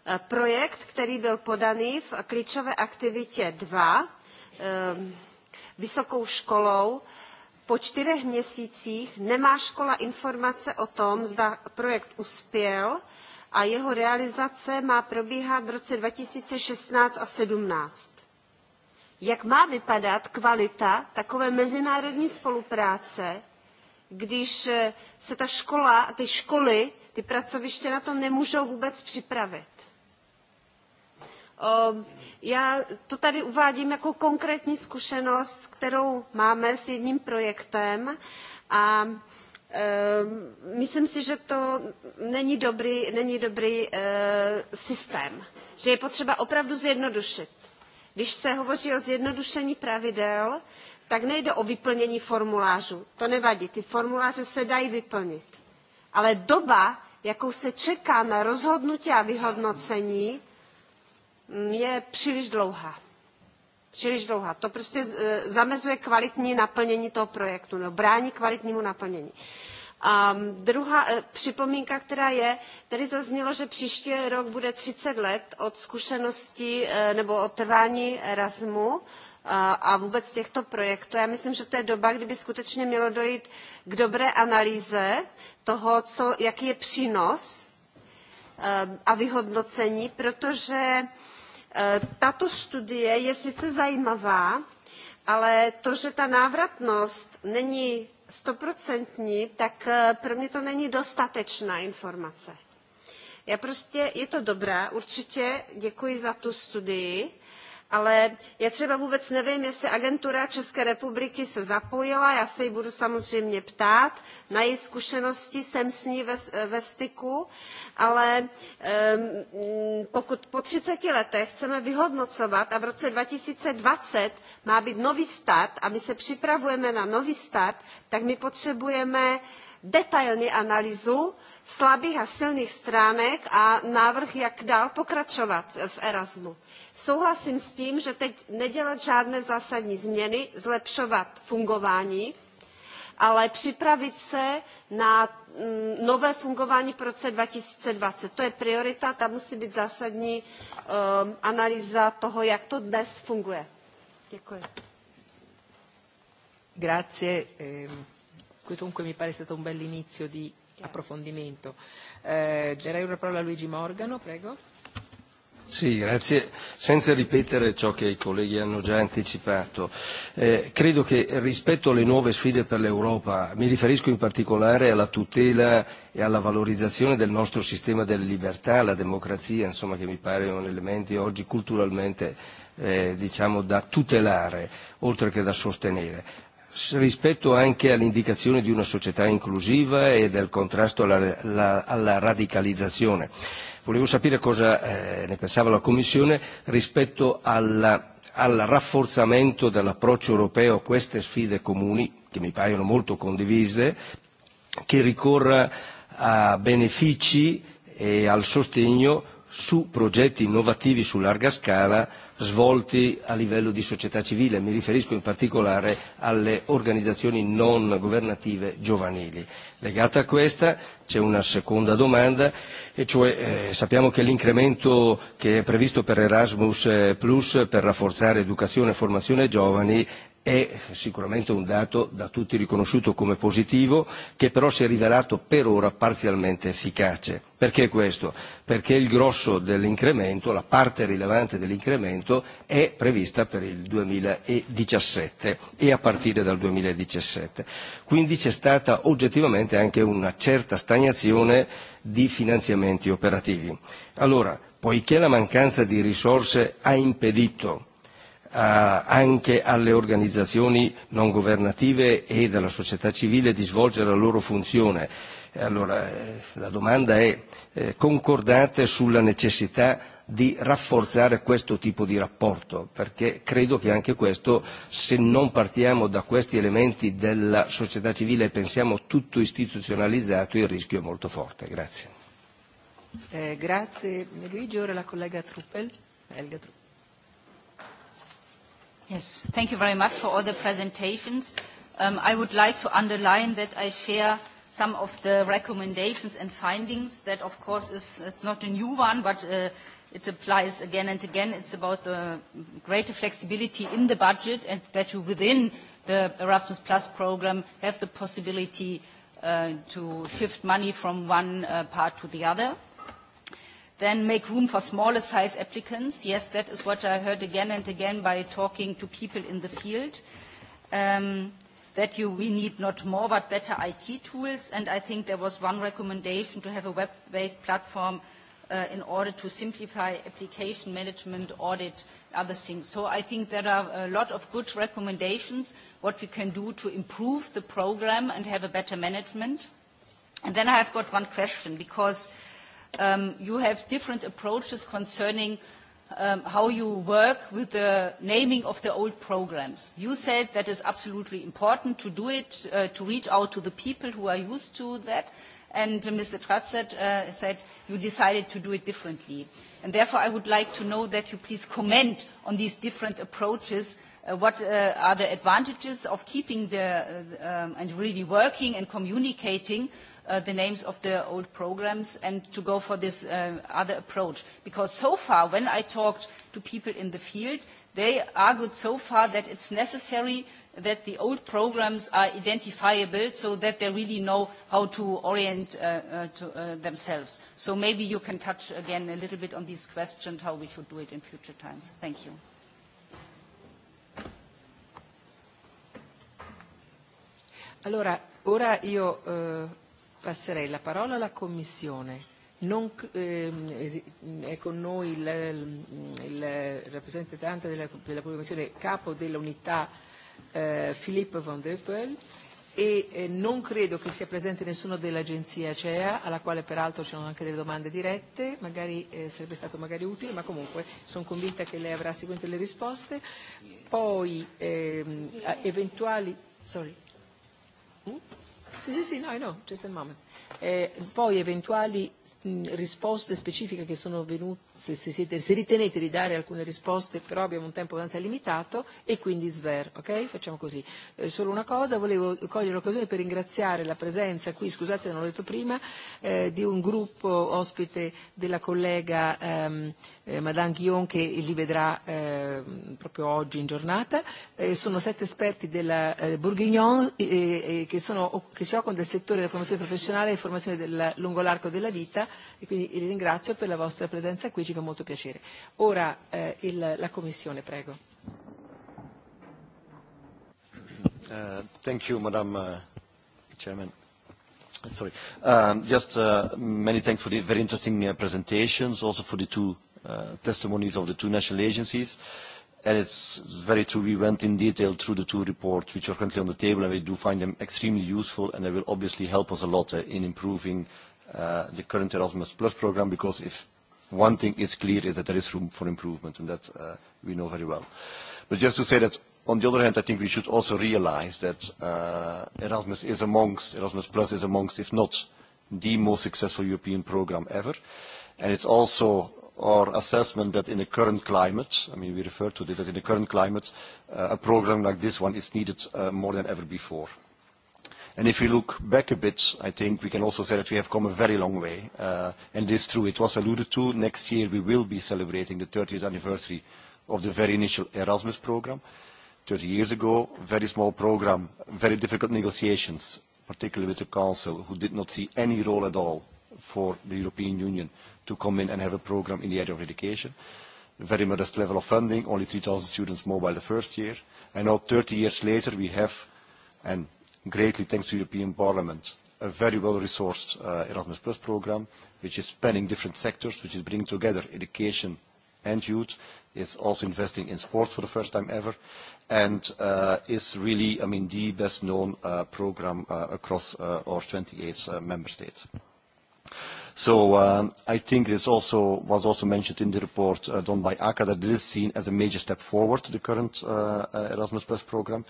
E, projekt, který byl podaný v klíčové aktivitě 2 vysokou školou, po čtyřech měsících nemá škola informace o tom, zda projekt uspěl, a jeho realizace má probíhat v roce 2016 a 17. Jak má vypadat kvalita takové mezinárodní spolupráce, když eh, se ta škola, ty školy, ty pracoviště na to nemůžou vůbec připravit? Ehm, já to tady uvádím jako konkrétní zkušenost, kterou máme s jedním projektem a Ehm, myslím si, že to není dobrý, není dobrý eh, systém, že je potřeba opravdu zjednodušit. Když se hovoří o zjednodušení pravidel, tak nejde o vyplnění formulářů. To nevadí, ty formuláře se dají vyplnit. Ale doba, jakou se čeká na rozhodnutí a vyhodnocení, mm, je příliš dlouhá příliš dlouhá. To prostě eh, zamezuje kvalitní naplnění toho projektu, nebo brání kvalitnímu naplnění. A druhá eh, připomínka, která je, tady zaznělo, že příští rok bude 30 let od zkušenosti eh, nebo od trvání Erasmu a vůbec těchto projektů. Já myslím, že to je doba, kdyby skutečně mělo dojít k dobré analýze toho, co, jaký je přínos a vyhodnocení, protože Eh, tato studie je sice zajímavá, ale to, že ta návratnost není stoprocentní, tak eh, pro mě to není dostatečná informace. Já prostě, je to dobré, určitě děkuji za tu studii, ale já třeba vůbec nevím jestli agentura české republiky se zapojila já se jí budu samozřejmě ptát na její zkušenosti jsem s ní ve, eh, ve styku ale um, pokud po třiceti letech chceme vyhodnocovat a v roce two thousand and twenty má být nový start a my se připravujeme na nový start tak my potřebujeme detailní analýzu slabých a silných stránek a návrh jak dál pokračovat v erasmu souhlasím s tím že teď nedělat žádné zásadní změny zlepšovat fungování ale připravit se na mm, nové fungování po roce. two thousand and twenty to je priorita tam musí být zásadní um, analýza toho jak to dnes funguje. děkuji. Grazie. Questo ehm, comunque mi pare stato un bell'inizio di approfondimento. Eh, darei ora la parola a Luigi Morgano, prego. Sì, grazie. Senza ripetere ciò che i colleghi hanno già anticipato, eh, credo che rispetto alle nuove sfide per l'Europa, mi riferisco in particolare alla tutela e alla valorizzazione del nostro sistema delle libertà, la democrazia, insomma, che mi pare un elemento oggi culturalmente eh, diciamo, da tutelare oltre che da sostenere rispetto anche all'indicazione di una società inclusiva e del contrasto alla, alla, alla radicalizzazione. Volevo sapere cosa eh, ne pensava la Commissione rispetto alla, al rafforzamento dell'approccio europeo a queste sfide comuni, che mi paiono molto condivise, che ricorra a benefici e al sostegno su progetti innovativi su larga scala svolti a livello di società civile, mi riferisco in particolare alle organizzazioni non governative giovanili. Legata a questa c'è una seconda domanda, e cioè eh, sappiamo che l'incremento che è previsto per Erasmus eh, Plus per rafforzare educazione e formazione giovani è sicuramente un dato da tutti riconosciuto come positivo, che però si è rivelato per ora parzialmente efficace. Perché questo? Perché il grosso dell'incremento, la parte rilevante dell'incremento è prevista per il 2017 e a partire dal 2017. Quindi c'è stata oggettivamente anche una certa stagnazione di finanziamenti operativi. Allora, poiché la mancanza di risorse ha impedito eh, anche alle organizzazioni non governative e della società civile di svolgere la loro funzione. E allora, eh, la domanda è eh, concordate sulla necessità di rafforzare questo tipo di rapporto, perché credo che anche questo, se non partiamo da questi elementi della società civile e pensiamo tutto istituzionalizzato, il rischio è molto forte. Grazie. Eh, grazie Luigi, ora la collega Truppel. Helga Truppel. Yes, thank you very much for all the presentations. Um, I would like to underline that I share some of the recommendations and findings that, of course, is it's not a new one, but uh, it applies again and again. It's about the greater flexibility in the budget and that you within the Erasmus Plus program have the possibility uh, to shift money from one uh, part to the other then make room for smaller size applicants. Yes, that is what I heard again and again by talking to people in the field, um, that you, we need not more but better IT tools. And I think there was one recommendation to have a web-based platform uh, in order to simplify application management, audit, other things. So I think there are a lot of good recommendations, what we can do to improve the program and have a better management. And then I've got one question, because uh, um, you have different approaches concerning um, how you work with the naming of the old programs. You said that is absolutely important to do it, uh, to reach out to the people who are used to that. And uh, Mr. Tratzett uh, said you decided to do it differently. And therefore, I would like to know that you please comment on these different approaches Uh, what uh, are the advantages of keeping the, uh, um, and really working and communicating uh, the names of the old programs and to go for this uh, other approach. Because so far, when I talked to people in the field, they argued so far that it's necessary that the old programs are identifiable so that they really know how to orient uh, uh, to, uh, themselves. So maybe you can touch again a little bit on these questions, how we should do it in future times. Thank you. Allora, ora io eh, passerei la parola alla Commissione. Non, eh, è con noi il, il rappresentante della, della Commissione, capo dell'unità eh, Filippo von der Poel e eh, non credo che sia presente nessuno dell'agenzia CEA, alla quale peraltro ci sono anche delle domande dirette, magari eh, sarebbe stato magari utile, ma comunque sono convinta che lei avrà sicuramente le risposte. Poi ehm, eventuali... Sorry. Sí, sí, sí, no, I know, just a moment eh, poi eventuali mh, risposte specifiche che sono venute, se, se, siete, se ritenete di dare alcune risposte, però abbiamo un tempo abbastanza limitato, e quindi Sver, ok? Facciamo così. Eh, solo una cosa, volevo cogliere l'occasione per ringraziare la presenza qui, scusate se non l'ho detto prima, eh, di un gruppo ospite della collega ehm, eh, Madame Guillon che li vedrà eh, proprio oggi in giornata. Eh, sono sette esperti della eh, Bourguignon eh, eh, che, sono, che si occupano del settore della formazione professionale informazioni del, lungo l'arco della vita e quindi vi ringrazio per la vostra presenza qui, ci fa molto piacere. Ora eh, il, la Commissione, prego. Uh, thank you, Madam uh, Chairman. Uh, sorry. Um, just uh, many thanks for the very interesting uh, presentations, also for the two uh, testimonies of the two national agencies. Uh, And it's very true, we went in detail through the two reports, which are currently on the table, and we do find them extremely useful, and they will obviously help us a lot uh, in improving uh, the current Erasmus Plus program, because if one thing is clear, is that there is room for improvement, and that uh, we know very well. But just to say that, on the other hand, I think we should also realize that uh, Erasmus is amongst, Erasmus Plus is amongst, if not the most successful European program ever. And it's also our assessment that in the current climate, I mean, we refer to this, that in the current climate, uh, a program like this one is needed uh, more than ever before. And if we look back a bit, I think we can also say that we have come a very long way. Uh, and it is true, it was alluded to, next year we will be celebrating the 30th anniversary of the very initial Erasmus program. 30 years ago, very small program, very difficult negotiations, particularly with the Council, who did not see any role at all for the European Union to come in and have a program in the area of education. Very modest level of funding, only 3,000 students mobile the first year. And now 30 years later we have, and greatly thanks to European Parliament, a very well-resourced uh, Erasmus Plus program, which is spanning different sectors, which is bringing together education and youth, is also investing in sports for the first time ever, and uh, is really, I mean, the best-known uh, program uh, across uh, our 28 uh, member states. So um, I think this also was also mentioned in the report uh, done by ACA that this is seen as a major step forward to the current uh, uh, Erasmus Plus program.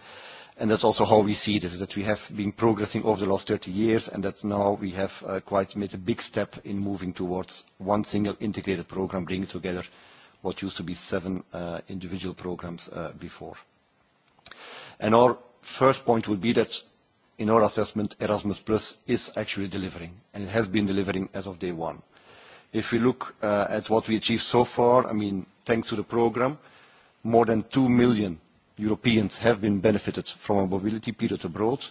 And that's also how we see this, that we have been progressing over the last 30 years and that now we have uh, quite made a big step in moving towards one single integrated program, bringing together what used to be seven uh, individual programs uh, before. And our first point would be that in our assessment, Erasmus Plus is actually delivering, and it has been delivering as of day one. If we look uh, at what we achieved so far, I mean, thanks to the program, more than 2 million Europeans have been benefited from a mobility period abroad.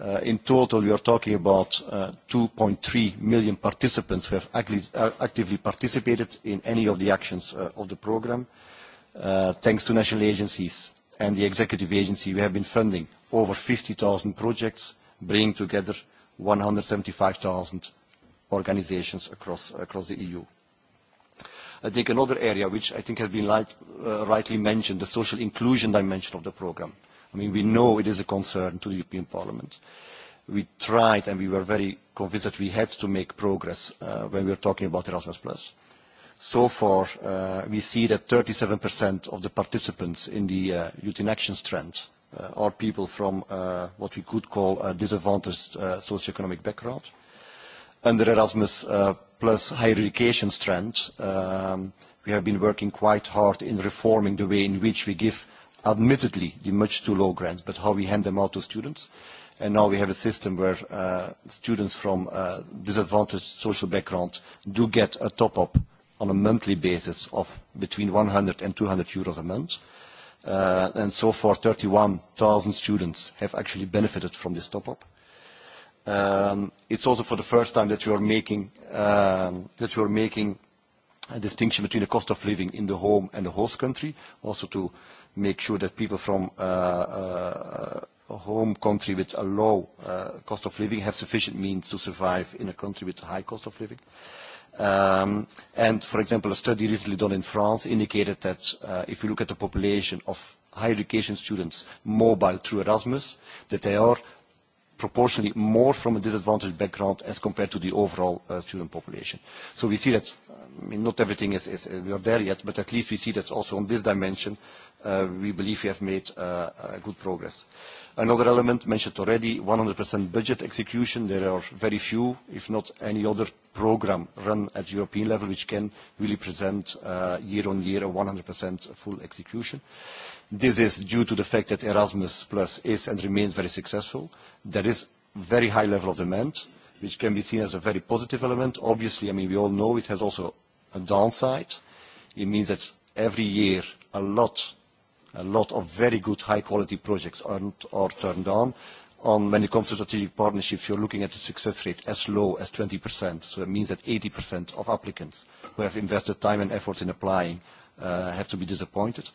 Uh, in total, we are talking about uh, 2.3 million participants who have actively, uh, actively participated in any of the actions uh, of the program. Uh, thanks to national agencies and the executive agency, we have been funding over 50,000 projects, bringing together 175,000 organizations across, across the EU. I think another area which I think has been light, uh, rightly mentioned, the social inclusion dimension of the program. I mean, we know it is a concern to the European Parliament. We tried and we were very convinced that we had to make progress uh, when we were talking about Erasmus+. So far, uh, we see that 37% of the participants in the uh, Youth in Action strand uh, are people from uh, what we could call a disadvantaged uh, socioeconomic background. Under Erasmus uh, plus higher education strand, um, we have been working quite hard in reforming the way in which we give, admittedly, the much too low grants, but how we hand them out to students. And now we have a system where uh, students from uh, disadvantaged social background do get a top-up on a monthly basis of between 100 and 200 euros a month. Uh, uh, and so far 31,000 students have actually benefited from this top-up. Um, it's also for the first time that we are making um, that we are making a distinction between the cost of living in the home and the host country, also to make sure that people from uh, uh, a home country with a low uh, cost of living have sufficient means to survive in a country with a high cost of living. Uh, Um, and for example, a study recently done in France indicated that uh, if you look at the population of higher education students mobile through Erasmus, that they are proportionally more from a disadvantaged background as compared to the overall uh, student population. So we see that I mean, not everything is, is we are there yet, but at least we see that also on this dimension, uh, we believe we have made uh, uh, good progress. Another element mentioned already, 100% budget execution. There are very few, if not any other program run at European level, which can really present uh, year on year a 100% full execution. This is due to the fact that Erasmus Plus is and remains very successful. There is very high level of demand, which can be seen as a very positive element. Obviously, I mean, we all know it has also a downside. It means that every year, a lot, a lot of very good high-quality projects are, are turned down, on when it comes to strategic partnerships, you're looking at a success rate as low as 20%. So it means that 80% of applicants who have invested time and effort in applying uh, have to be disappointed.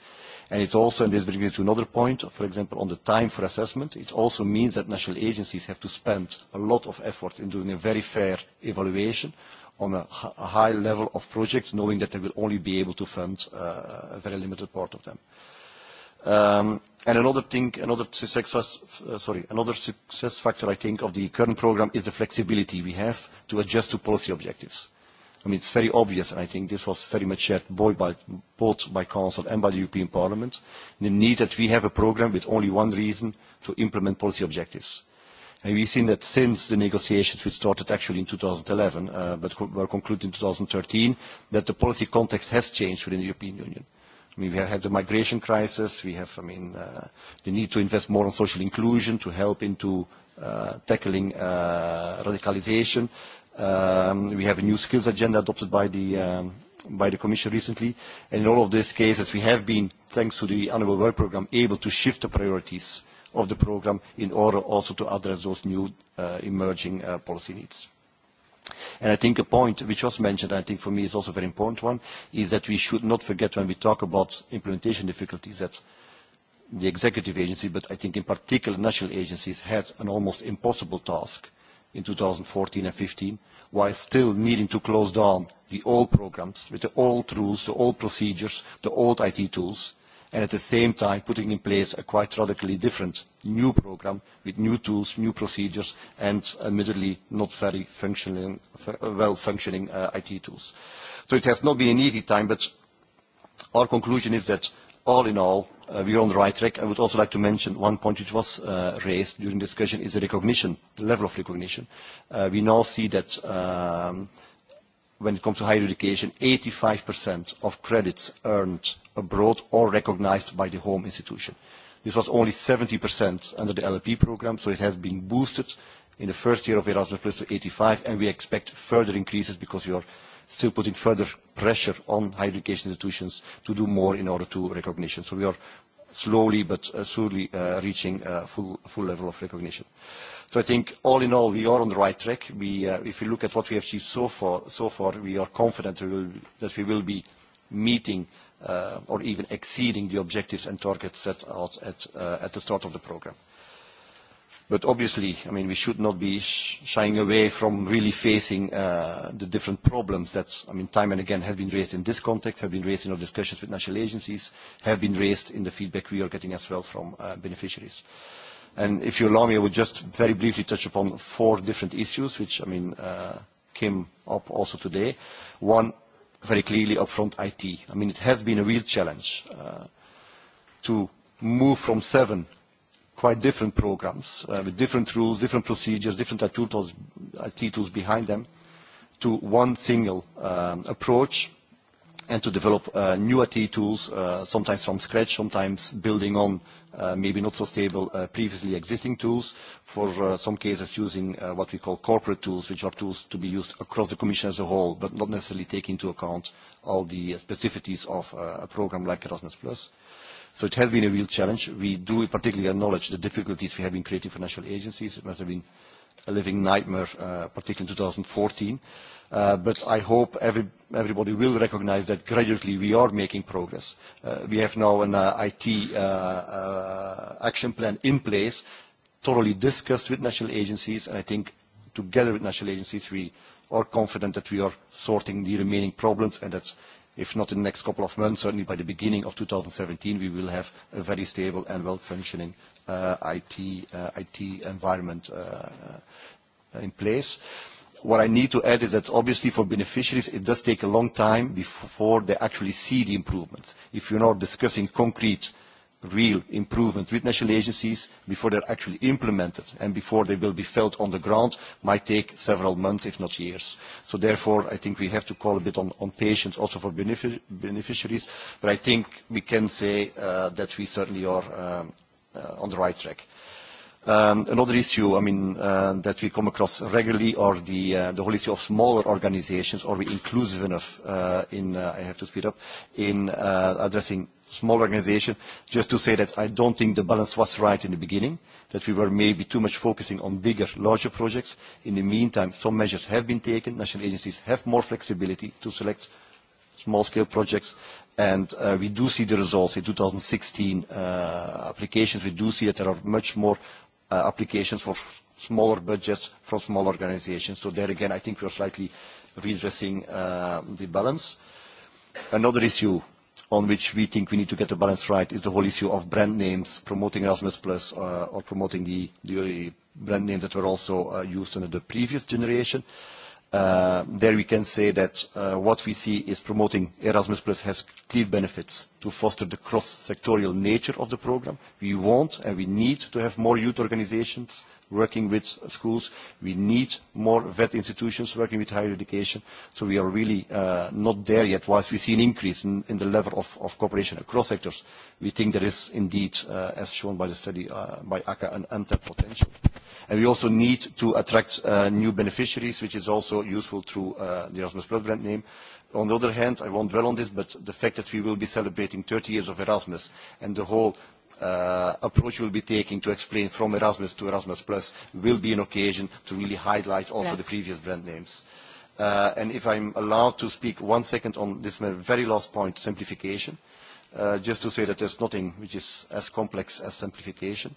And it's also, and this brings me to another point, for example, on the time for assessment, it also means that national agencies have to spend a lot of effort in doing a very fair evaluation on a, a high level of projects, knowing that they will only be able to fund uh, a very limited part of them. Um, and another thing, another success, uh, sorry, another success factor, I think, of the current program is the flexibility we have to adjust to policy objectives. I mean, it's very obvious, and I think this was very much shared both by, both by Council and by the European Parliament, the need that we have a program with only one reason to implement policy objectives. And we've seen that since the negotiations, which started actually in 2011, uh, but co were concluded in 2013, that the policy context has changed within the European Union. I mean, we have had the migration crisis. We have, I mean, uh, the need to invest more on social inclusion to help into uh, tackling uh, radicalization. Um, we have a new skills agenda adopted by the, um, by the Commission recently. And in all of these cases, we have been, thanks to the Annual Work Programme, able to shift the priorities of the programme in order also to address those new uh, emerging uh, policy needs. And I think a point which was mentioned, I think for me is also a very important one, is that we should not forget when we talk about implementation difficulties that the executive agency, but I think in particular national agencies, had an almost impossible task in 2014 and 15, while still needing to close down the old programs with the old rules, the old procedures, the old IT tools, and at the same time putting in place a quite radically different new program with new tools, new procedures, and admittedly not very functioning, well-functioning uh, IT tools. So it has not been an easy time, but our conclusion is that all in all, uh, we are on the right track. I would also like to mention one point which was uh, raised during discussion is the recognition, the level of recognition. Uh, we now see that um, when it comes to higher education, 85% of credits earned abroad or recognized by the home institution. This was only 70% under the LLP program, so it has been boosted in the first year of Erasmus Plus to 85, and we expect further increases because we are still putting further pressure on higher education institutions to do more in order to recognition. So we are slowly but uh, surely uh, reaching uh, full, full level of recognition. Uh, So I think all in all, we are on the right track. We, uh, if you look at what we have achieved so far, so far, we are confident we will, that we will be meeting uh, or even exceeding the objectives and targets set out at, uh, at the start of the program. But obviously, I mean, we should not be sh shying away from really facing uh, the different problems that, I mean, time and again, have been raised in this context, have been raised in our discussions with national agencies, have been raised in the feedback we are getting as well from uh, beneficiaries. And if you allow me, I would just very briefly touch upon four different issues, which, I mean, uh, came up also today. One, very clearly upfront IT. I mean, it has been a real challenge uh, to move from seven quite different programs uh, with different rules, different procedures, different IT tools, IT tools behind them to one single um, approach and to develop uh, new IT tools, uh, sometimes from scratch, sometimes building on uh, maybe not so stable uh, previously existing tools, for uh, some cases using uh, what we call corporate tools, which are tools to be used across the Commission as a whole, but not necessarily take into account all the uh, specificities of uh, a program like Erasmus+. Plus. So it has been a real challenge. We do particularly acknowledge the difficulties we have in creating financial agencies. It must have been a living nightmare, uh, particularly in 2014. Uh, but I hope every, everybody will recognize that gradually we are making progress. Uh, we have now an uh, IT uh, uh, action plan in place, thoroughly discussed with national agencies, and I think together with national agencies we are confident that we are sorting the remaining problems and that if not in the next couple of months, certainly by the beginning of 2017, we will have a very stable and well-functioning uh, IT, uh, IT environment uh, uh, in place. What I need to add is that obviously for beneficiaries, it does take a long time before they actually see the improvements. If you're not discussing concrete, real improvement with national agencies before they're actually implemented and before they will be felt on the ground might take several months, if not years. So therefore, I think we have to call a bit on, on patience also for benefic beneficiaries. But I think we can say uh, that we certainly are um, uh, on the right track. Um, another issue, I mean, uh, that we come across regularly are the, uh, the whole issue of smaller organizations. Are we inclusive enough uh, in, uh, I have to speed up, in uh, addressing small organization? Just to say that I don't think the balance was right in the beginning, that we were maybe too much focusing on bigger, larger projects. In the meantime, some measures have been taken. National agencies have more flexibility to select small-scale projects, and uh, we do see the results in 2016 uh, applications. We do see that there are much more uh, applications for smaller budgets from small organizations. So there again, I think we're slightly redressing uh, the balance. Another issue on which we think we need to get the balance right is the whole issue of brand names, promoting Erasmus Plus uh, or promoting the, the brand names that were also uh, used under the previous generation. Uh, Uh, there we can say that uh, what we see is promoting Erasmus Plus has clear benefits to foster the cross-sectorial nature of the program. We want and we need to have more youth organizations working with schools. We need more vet institutions working with higher education. So we are really uh, not there yet. Whilst we see an increase in, in the level of, of cooperation across sectors, we think there is indeed, uh, as shown by the study uh, by ACA, an untapped potential. And we also need to attract uh, new beneficiaries, which is also useful through uh, the Erasmus Plus brand name. On the other hand, I won't dwell on this, but the fact that we will be celebrating 30 years of Erasmus and the whole uh, approach we'll be taking to explain from Erasmus to Erasmus Plus will be an occasion to really highlight also yes. the previous brand names. Uh, and if I'm allowed to speak one second on this very last point, simplification, uh, just to say that there's nothing which is as complex as simplification.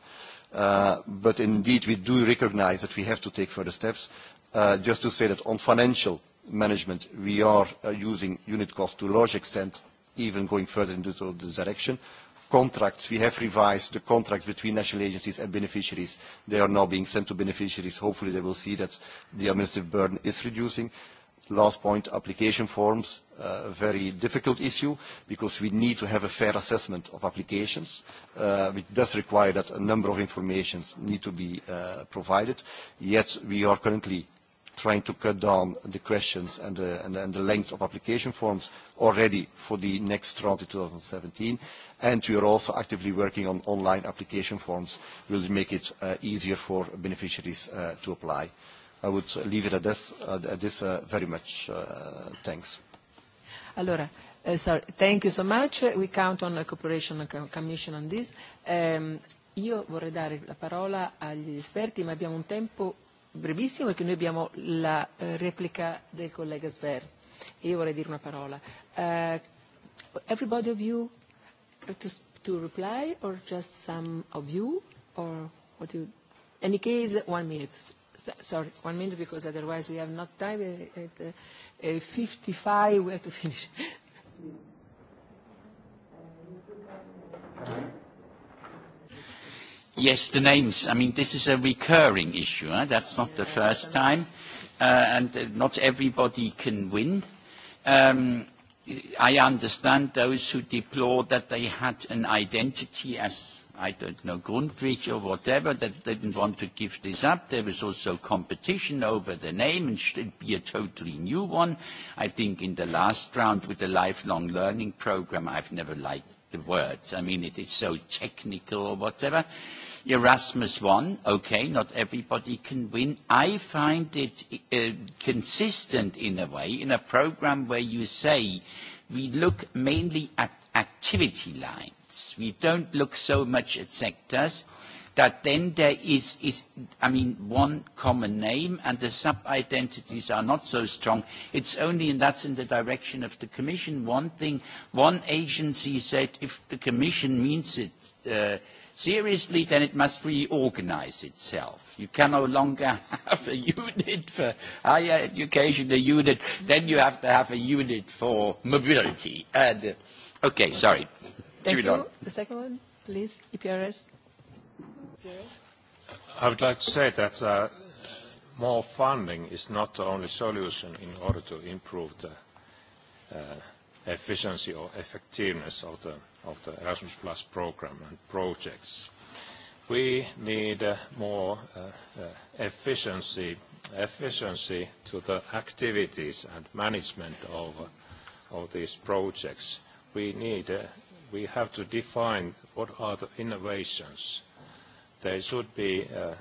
Uh, but indeed, we do recognize that we have to take further steps. Uh, just to say that on financial management, we are uh, using unit cost to a large extent, even going further into this direction contracts. We have revised the contracts between national agencies and beneficiaries. They are now being sent to beneficiaries. Hopefully they will see that the administrative burden is reducing. Last point, application forms, a uh, very difficult issue because we need to have a fair assessment of applications, uh, which does require that a number of informations need to be uh, provided. Yet we are currently trying to cut down the questions and the, and, and the length of application forms already for the next round in 2017. And we are also actively working on online application forms, will make it uh, easier for beneficiaries uh, to apply. I would leave it at this, uh, at this uh, very much. Uh, thanks. Allora, uh, sorry. Thank you so much. We count on the cooperation of the Commission on this. Um, io vorrei dare la parola agli esperti, ma abbiamo un tempo brevissimo perché noi abbiamo la eh, replica del collega Sver. Io vorrei dire una parola. Uh, everybody of you uh, to, to reply or just some of you or what you... Any case, one minute. Sorry, one minute because otherwise we have not time. Eh, at uh, eh, 55 we have to finish. Yes, the names. I mean, this is a recurring issue. Huh? That's not the first time, uh, and uh, not everybody can win. Um, I understand those who deplore that they had an identity as, I don't know, Grundtvig or whatever, that didn't want to give this up. There was also competition over the name, and should be a totally new one. I think in the last round with the lifelong learning program, I've never liked the words. I mean, it is so technical or whatever. Erasmus won. Okay, not everybody can win. I find it uh, consistent in a way, in a program where you say we look mainly at activity lines. We don't look so much at sectors that then there is, is I mean, one common name and the sub-identities are not so strong. It's only, and that's in the direction of the Commission, one thing, one agency said if the Commission means it uh, seriously, then it must reorganize itself. You can no longer have a unit for higher education, a unit, then you have to have a unit for mobility. And, uh, okay, sorry. Thank Too you. Long. The second one, please, EPRS. I would like to say that uh, more funding is not the only solution in order to improve the uh, efficiency or effectiveness of the, of the Erasmus Plus program and projects. We need uh, more uh, uh, efficiency, efficiency to the activities and management of, uh, of these projects. We need, uh, we have to define what are the innovations there should be uh,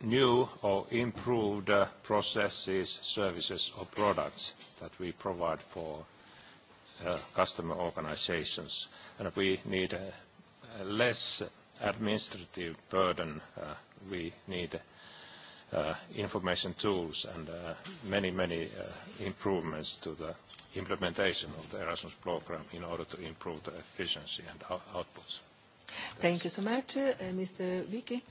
new or improved uh, processes, services, or products that we provide for uh, customer organizations. And we need a, a less administrative burden. Uh, we need uh, information tools and uh, many, many uh, improvements to the implementation of the Erasmus program in order to improve the efficiency and out outputs. Thank you so much. Uh, Mr. Vicky.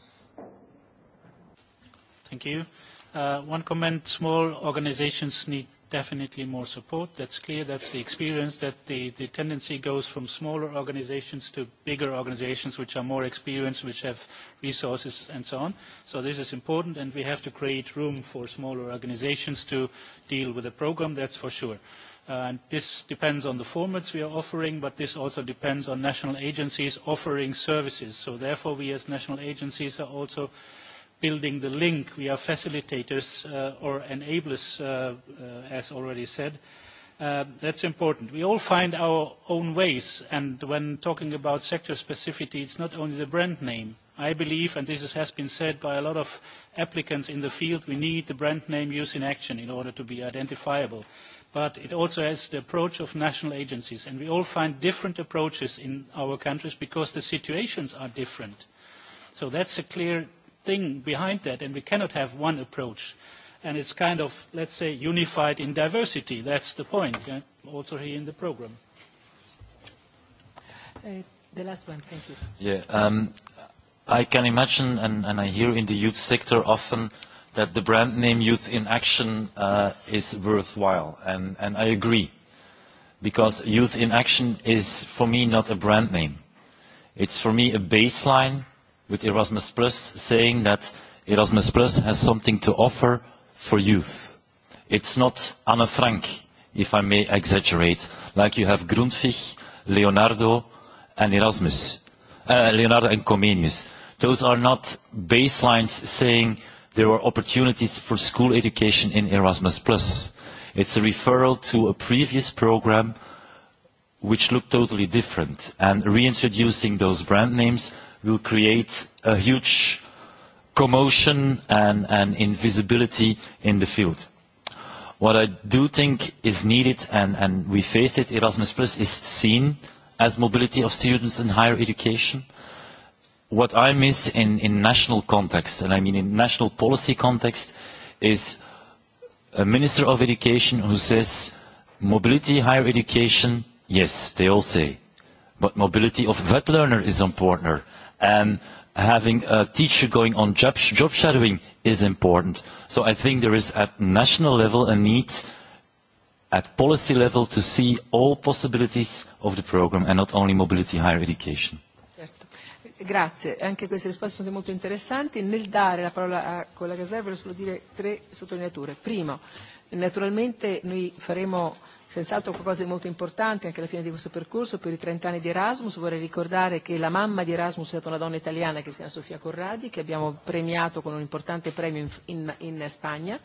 Thank you. Uh, one comment, small organizations need definitely more support. That's clear. That's the experience that the, the tendency goes from smaller organizations to bigger organizations which are more experienced, which have resources and so on. So this is important and we have to create room for smaller organizations to deal with the program, that's for sure. Uh, And this depends on the formats we are offering, but this also depends on national agencies offering services. So therefore, we as national agencies are also building the link. We are facilitators uh, or enablers, uh, uh, as already said. Uh, that's important. We all find our own ways, and when talking about sector specificity, it's not only the brand name. I believe, and this has been said by a lot of applicants in the field, we need the brand name use in action in order to be identifiable but it also has the approach of national agencies. And we all find different approaches in our countries because the situations are different. So that's a clear thing behind that, and we cannot have one approach. And it's kind of, let's say, unified in diversity. That's the point, yeah? also here in the program. Uh, the last one, thank you. Yeah, um, I can imagine, and, and I hear in the youth sector often, uh, that the brand name Youth in Action uh, is worthwhile, and, and I agree. Because Youth in Action is, for me, not a brand name. It's, for me, a baseline with Erasmus Plus saying that Erasmus Plus has something to offer for youth. It's not Anne Frank, if I may exaggerate, like you have Grundtvig, Leonardo, and Erasmus, uh, Leonardo and Comenius. Those are not baselines saying there are opportunities for school education in Erasmus+. It's a referral to a previous program which looked totally different. And reintroducing those brand names will create a huge commotion and, and invisibility in the field. What I do think is needed, and, and we face it, Erasmus Plus is seen as mobility of students in higher education. Uh, what I miss in, in national context, and I mean in national policy context, is a minister of education who says, mobility, higher education, yes, they all say, but mobility of vet learner is important, and having a teacher going on job, sh job shadowing is important. So I think there is at national level a need at policy level to see all possibilities of the program and not only mobility higher education. Grazie, anche queste risposte sono molto interessanti. Nel dare la parola a collega Sler voglio solo dire tre sottolineature. Primo, naturalmente noi faremo senz'altro qualcosa di molto importante anche alla fine di questo percorso per i 30 anni di Erasmus. Vorrei ricordare che la mamma di Erasmus è stata una donna italiana che si chiama Sofia Corradi, che abbiamo premiato con un importante premio in, in, in Spagna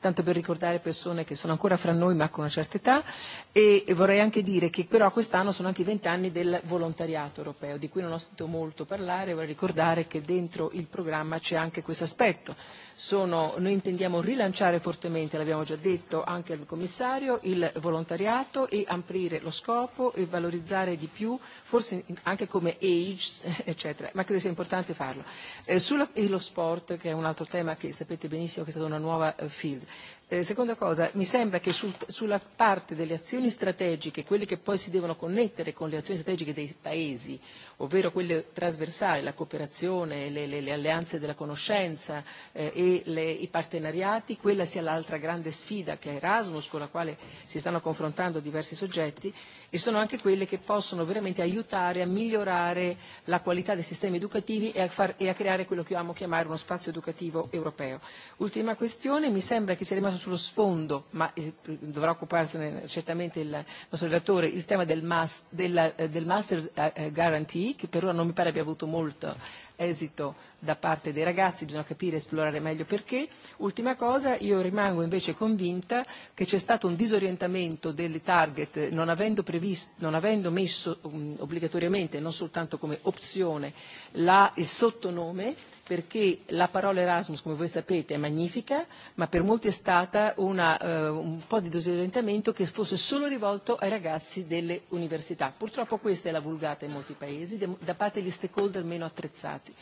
tanto per ricordare persone che sono ancora fra noi ma con una certa età e, e vorrei anche dire che però quest'anno sono anche i vent'anni del volontariato europeo, di cui non ho sentito molto parlare, vorrei ricordare che dentro il programma c'è anche questo aspetto sono, noi intendiamo rilanciare fortemente, l'abbiamo già detto anche al Commissario, il volontariato e amplire lo scopo e valorizzare di più, forse anche come age, eccetera, ma credo sia importante farlo. Eh, sullo e sport, che è un altro tema che sapete benissimo che è stata una nuova eh, field, Eh, seconda cosa, mi sembra che sul, sulla parte delle azioni strategiche, quelle che poi si devono connettere con le azioni strategiche dei paesi, ovvero quelle trasversali, la cooperazione, le, le, le alleanze della conoscenza eh, e le, i partenariati, quella sia l'altra grande sfida che è Erasmus, con la quale si stanno confrontando diversi soggetti, e sono anche quelle che possono veramente aiutare a migliorare la qualità dei sistemi educativi e a, far, e a creare quello che io amo chiamare uno spazio educativo europeo. Ultima questione, mi sembra che sia rimasto sullo sfondo, ma eh, dovrà occuparsene certamente il nostro relatore, il tema del, mas, del, eh, del Master eh, eh, Guarantee, che per ora non mi pare abbia avuto molto esito da parte dei ragazzi, bisogna capire e esplorare meglio perché. Ultima cosa, io rimango invece convinta che c'è stato un disorientamento delle target non avendo, previsto, non avendo messo um, obbligatoriamente, non soltanto come opzione, la, il sottonome perché la parola Erasmus, come voi sapete, è magnifica, ma per molti è stata una, eh, un po' di disorientamento che fosse solo rivolto ai ragazzi delle università. Purtroppo questa è la vulgata in molti paesi, da parte degli stakeholder meno attrezzati.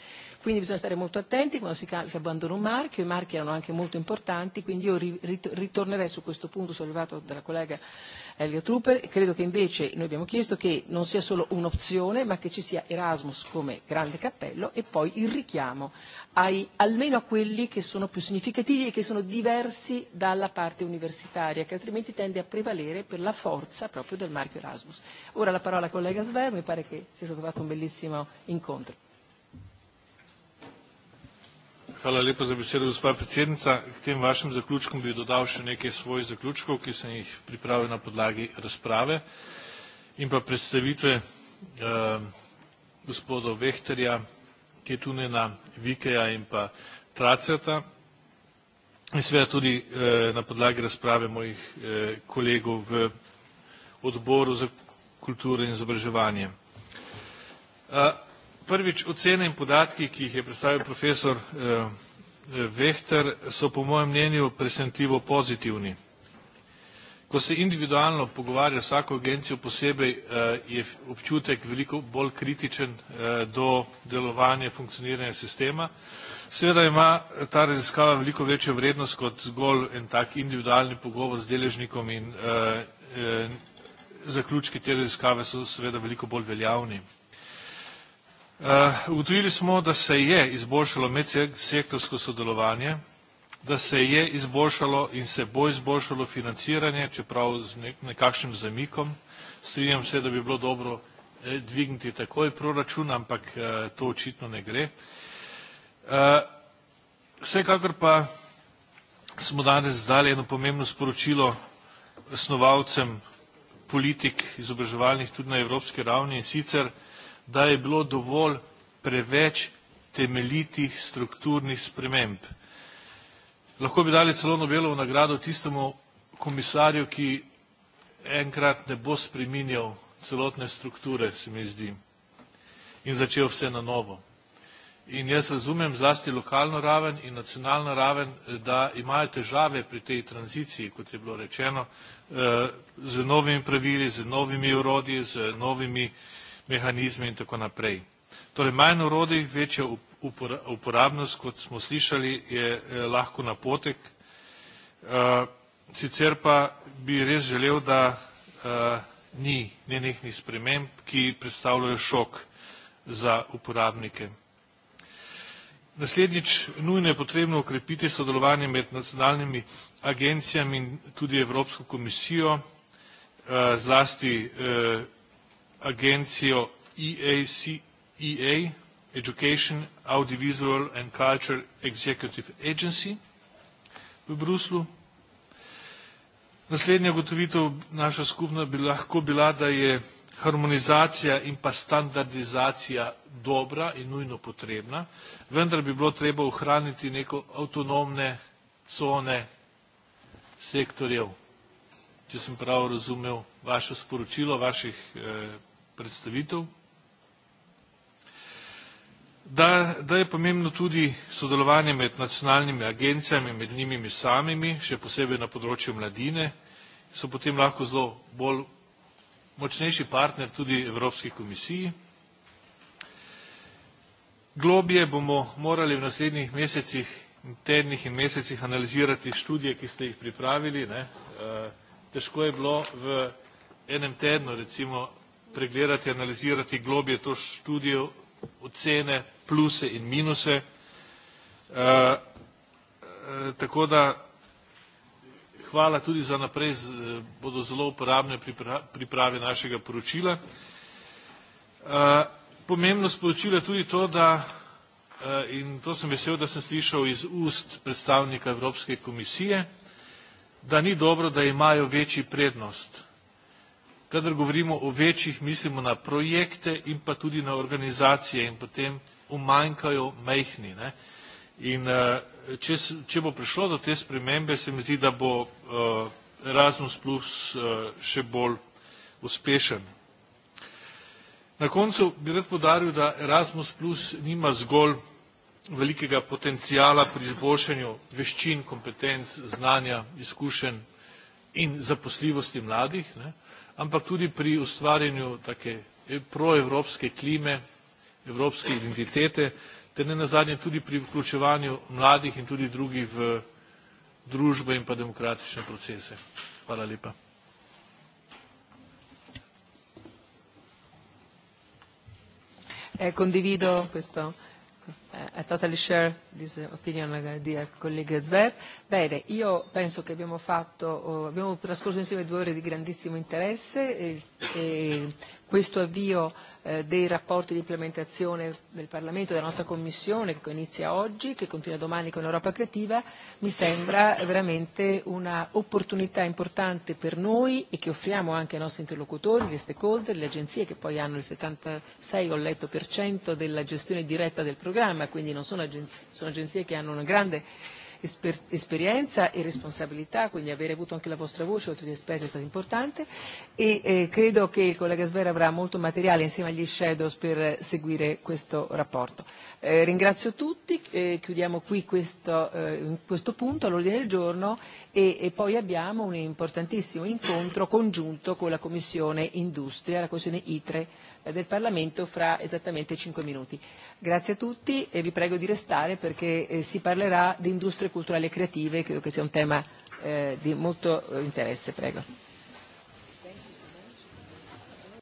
Quindi bisogna stare molto attenti quando si, si abbandona un marchio, i marchi erano anche molto importanti, quindi io ri, rit, ritornerei su questo punto sollevato dalla collega Elio Trupper. Credo che invece noi abbiamo chiesto che non sia solo un'opzione, ma che ci sia Erasmus come grande cappello e poi il richiamo ai, almeno a quelli che sono più significativi e che sono diversi dalla parte universitaria, che altrimenti tende a prevalere per la forza proprio del marchio Erasmus. Ora la parola al collega Sver, mi pare che sia stato fatto un bellissimo incontro. Hvala lepa za besedo, gospa predsednica. K tem vašim zaključkom bi dodal še nekaj svojih zaključkov, ki sem jih pripravil na podlagi razprave in pa predstavitve eh, gospoda Vehterja, Ketunena, Vikeja in pa Tracerta in seveda tudi eh, na podlagi razprave mojih eh, kolegov v odboru za kulturo in izobraževanje. Eh, Prvič, ocene in podatki, ki jih je predstavil profesor eh, eh, Vehter, so po mojem mnenju presenetljivo pozitivni. Ko se individualno pogovarja vsako agencijo posebej, eh, je občutek veliko bolj kritičen eh, do delovanja, funkcioniranja sistema. Seveda ima ta raziskava veliko večjo vrednost kot zgolj en tak individualni pogovor z deležnikom in eh, eh, zaključki te raziskave so seveda veliko bolj veljavni. Eh, ugotovili smo, da se je izboljšalo medsektorsko sodelovanje, da se je izboljšalo in se bo izboljšalo financiranje, čeprav z nekakšnim zamikom. Strinjam se, da bi bilo dobro eh, dvigniti takoj proračun, ampak eh, to očitno ne gre. Vsekakor pa smo danes dali eno pomembno sporočilo snovalcem politik izobraževalnih tudi na evropski ravni in sicer da je bilo dovolj preveč temeljitih strukturnih sprememb. Lahko bi dali celo Nobelovo nagrado tistemu komisarju, ki enkrat ne bo spreminjal celotne strukture, se mi zdi, in začel vse na novo. In jaz razumem zlasti lokalno raven in nacionalno raven, da imajo težave pri tej tranziciji, kot je bilo rečeno, eh, z novimi pravili, z novimi urodji, z novimi mehanizme in tako naprej. Torej manj urodij, večja uporabnost, kot smo slišali, je eh, lahko napotek. Eh, sicer pa bi res želel, da eh, ni nenehnih sprememb, ki predstavljajo šok za uporabnike. Naslednjič, nujno je potrebno okrepiti sodelovanje med nacionalnimi agencijami in tudi Evropsko komisijo, zlasti agencijo EACEA, e Education, Audiovisual and Culture Executive Agency v Bruslu. Naslednja ugotovitev naša skupna bi lahko bila, da je harmonizacija in pa standardizacija dobra in nujno potrebna, vendar bi bilo treba ohraniti neko avtonomne cone sektorjev če sem prav razumel vaše sporočilo, vaših eh, predstavitev. Da, da je pomembno tudi sodelovanje med nacionalnimi agencijami, med njimi samimi, še posebej na področju mladine, so potem lahko zelo bolj močnejši partner tudi Evropski komisiji. Globje bomo morali v naslednjih mesecih, tednih in mesecih analizirati študije, ki ste jih pripravili, ne, uh, Težko je bilo v enem tednu recimo pregledati, analizirati globje to študijo, ocene, pluse in minuse. E, e, tako da hvala tudi za naprej, z, eh, bodo zelo uporabne pripra, priprave našega poročila. E, pomembno sporočilo je tudi to, da in to sem vesel, da sem slišal iz ust predstavnika Evropske komisije, da ni dobro, da imajo večji prednost. Kadar govorimo o večjih, mislimo na projekte in pa tudi na organizacije in potem umanjkajo majhni. Ne. In eh, če, če bo prišlo do te spremembe, se mi zdi, da bo uh, Erasmus Plus uh, še bolj uspešen. Na koncu bi rad podaril, da Erasmus Plus nima zgolj velikega potencijala pri izboljšanju veščin, kompetenc, znanja, izkušenj in zaposljivosti mladih, ne, ampak tudi pri ustvarjanju take eh, proevropske klime, evropske identitete, ter ne nazadnje tudi pri vključevanju mladih in tudi drugih v družbe in pa demokratične procese. Hvala lepa. Eh, condivido questo I totally share this uh, opinion, uh, dear colleague Zver. Bene, io penso che abbiamo fatto, oh, abbiamo trascorso insieme due ore di grandissimo interesse eh, e, e questo avvio eh, dei rapporti di implementazione del Parlamento e della nostra Commissione, che inizia oggi, che continua domani con Europa Creativa, mi sembra veramente un'opportunità importante per noi e che offriamo anche ai nostri interlocutori, gli stakeholder, le agenzie che poi hanno il 76, ho letto, per cento della gestione diretta del programma, quindi non sono agenzie, sono agenzie che hanno una grande esper- esperienza e responsabilità, quindi avere avuto anche la vostra voce oltre agli esperti è stato importante e eh, credo che il collega Sber avrà molto materiale insieme agli shadows per seguire questo rapporto. Eh, ringrazio tutti, eh, chiudiamo qui questo, eh, questo punto all'ordine del giorno e, e poi abbiamo un importantissimo incontro congiunto con la Commissione Industria, la Commissione ITRE Eh, del Parlamento fra esattamente 5 minuti. Grazie a tutti e vi prego di restare perché eh, si parlerà di industrie culturali e creative, credo che sia un tema eh, di molto eh, interesse. Prego.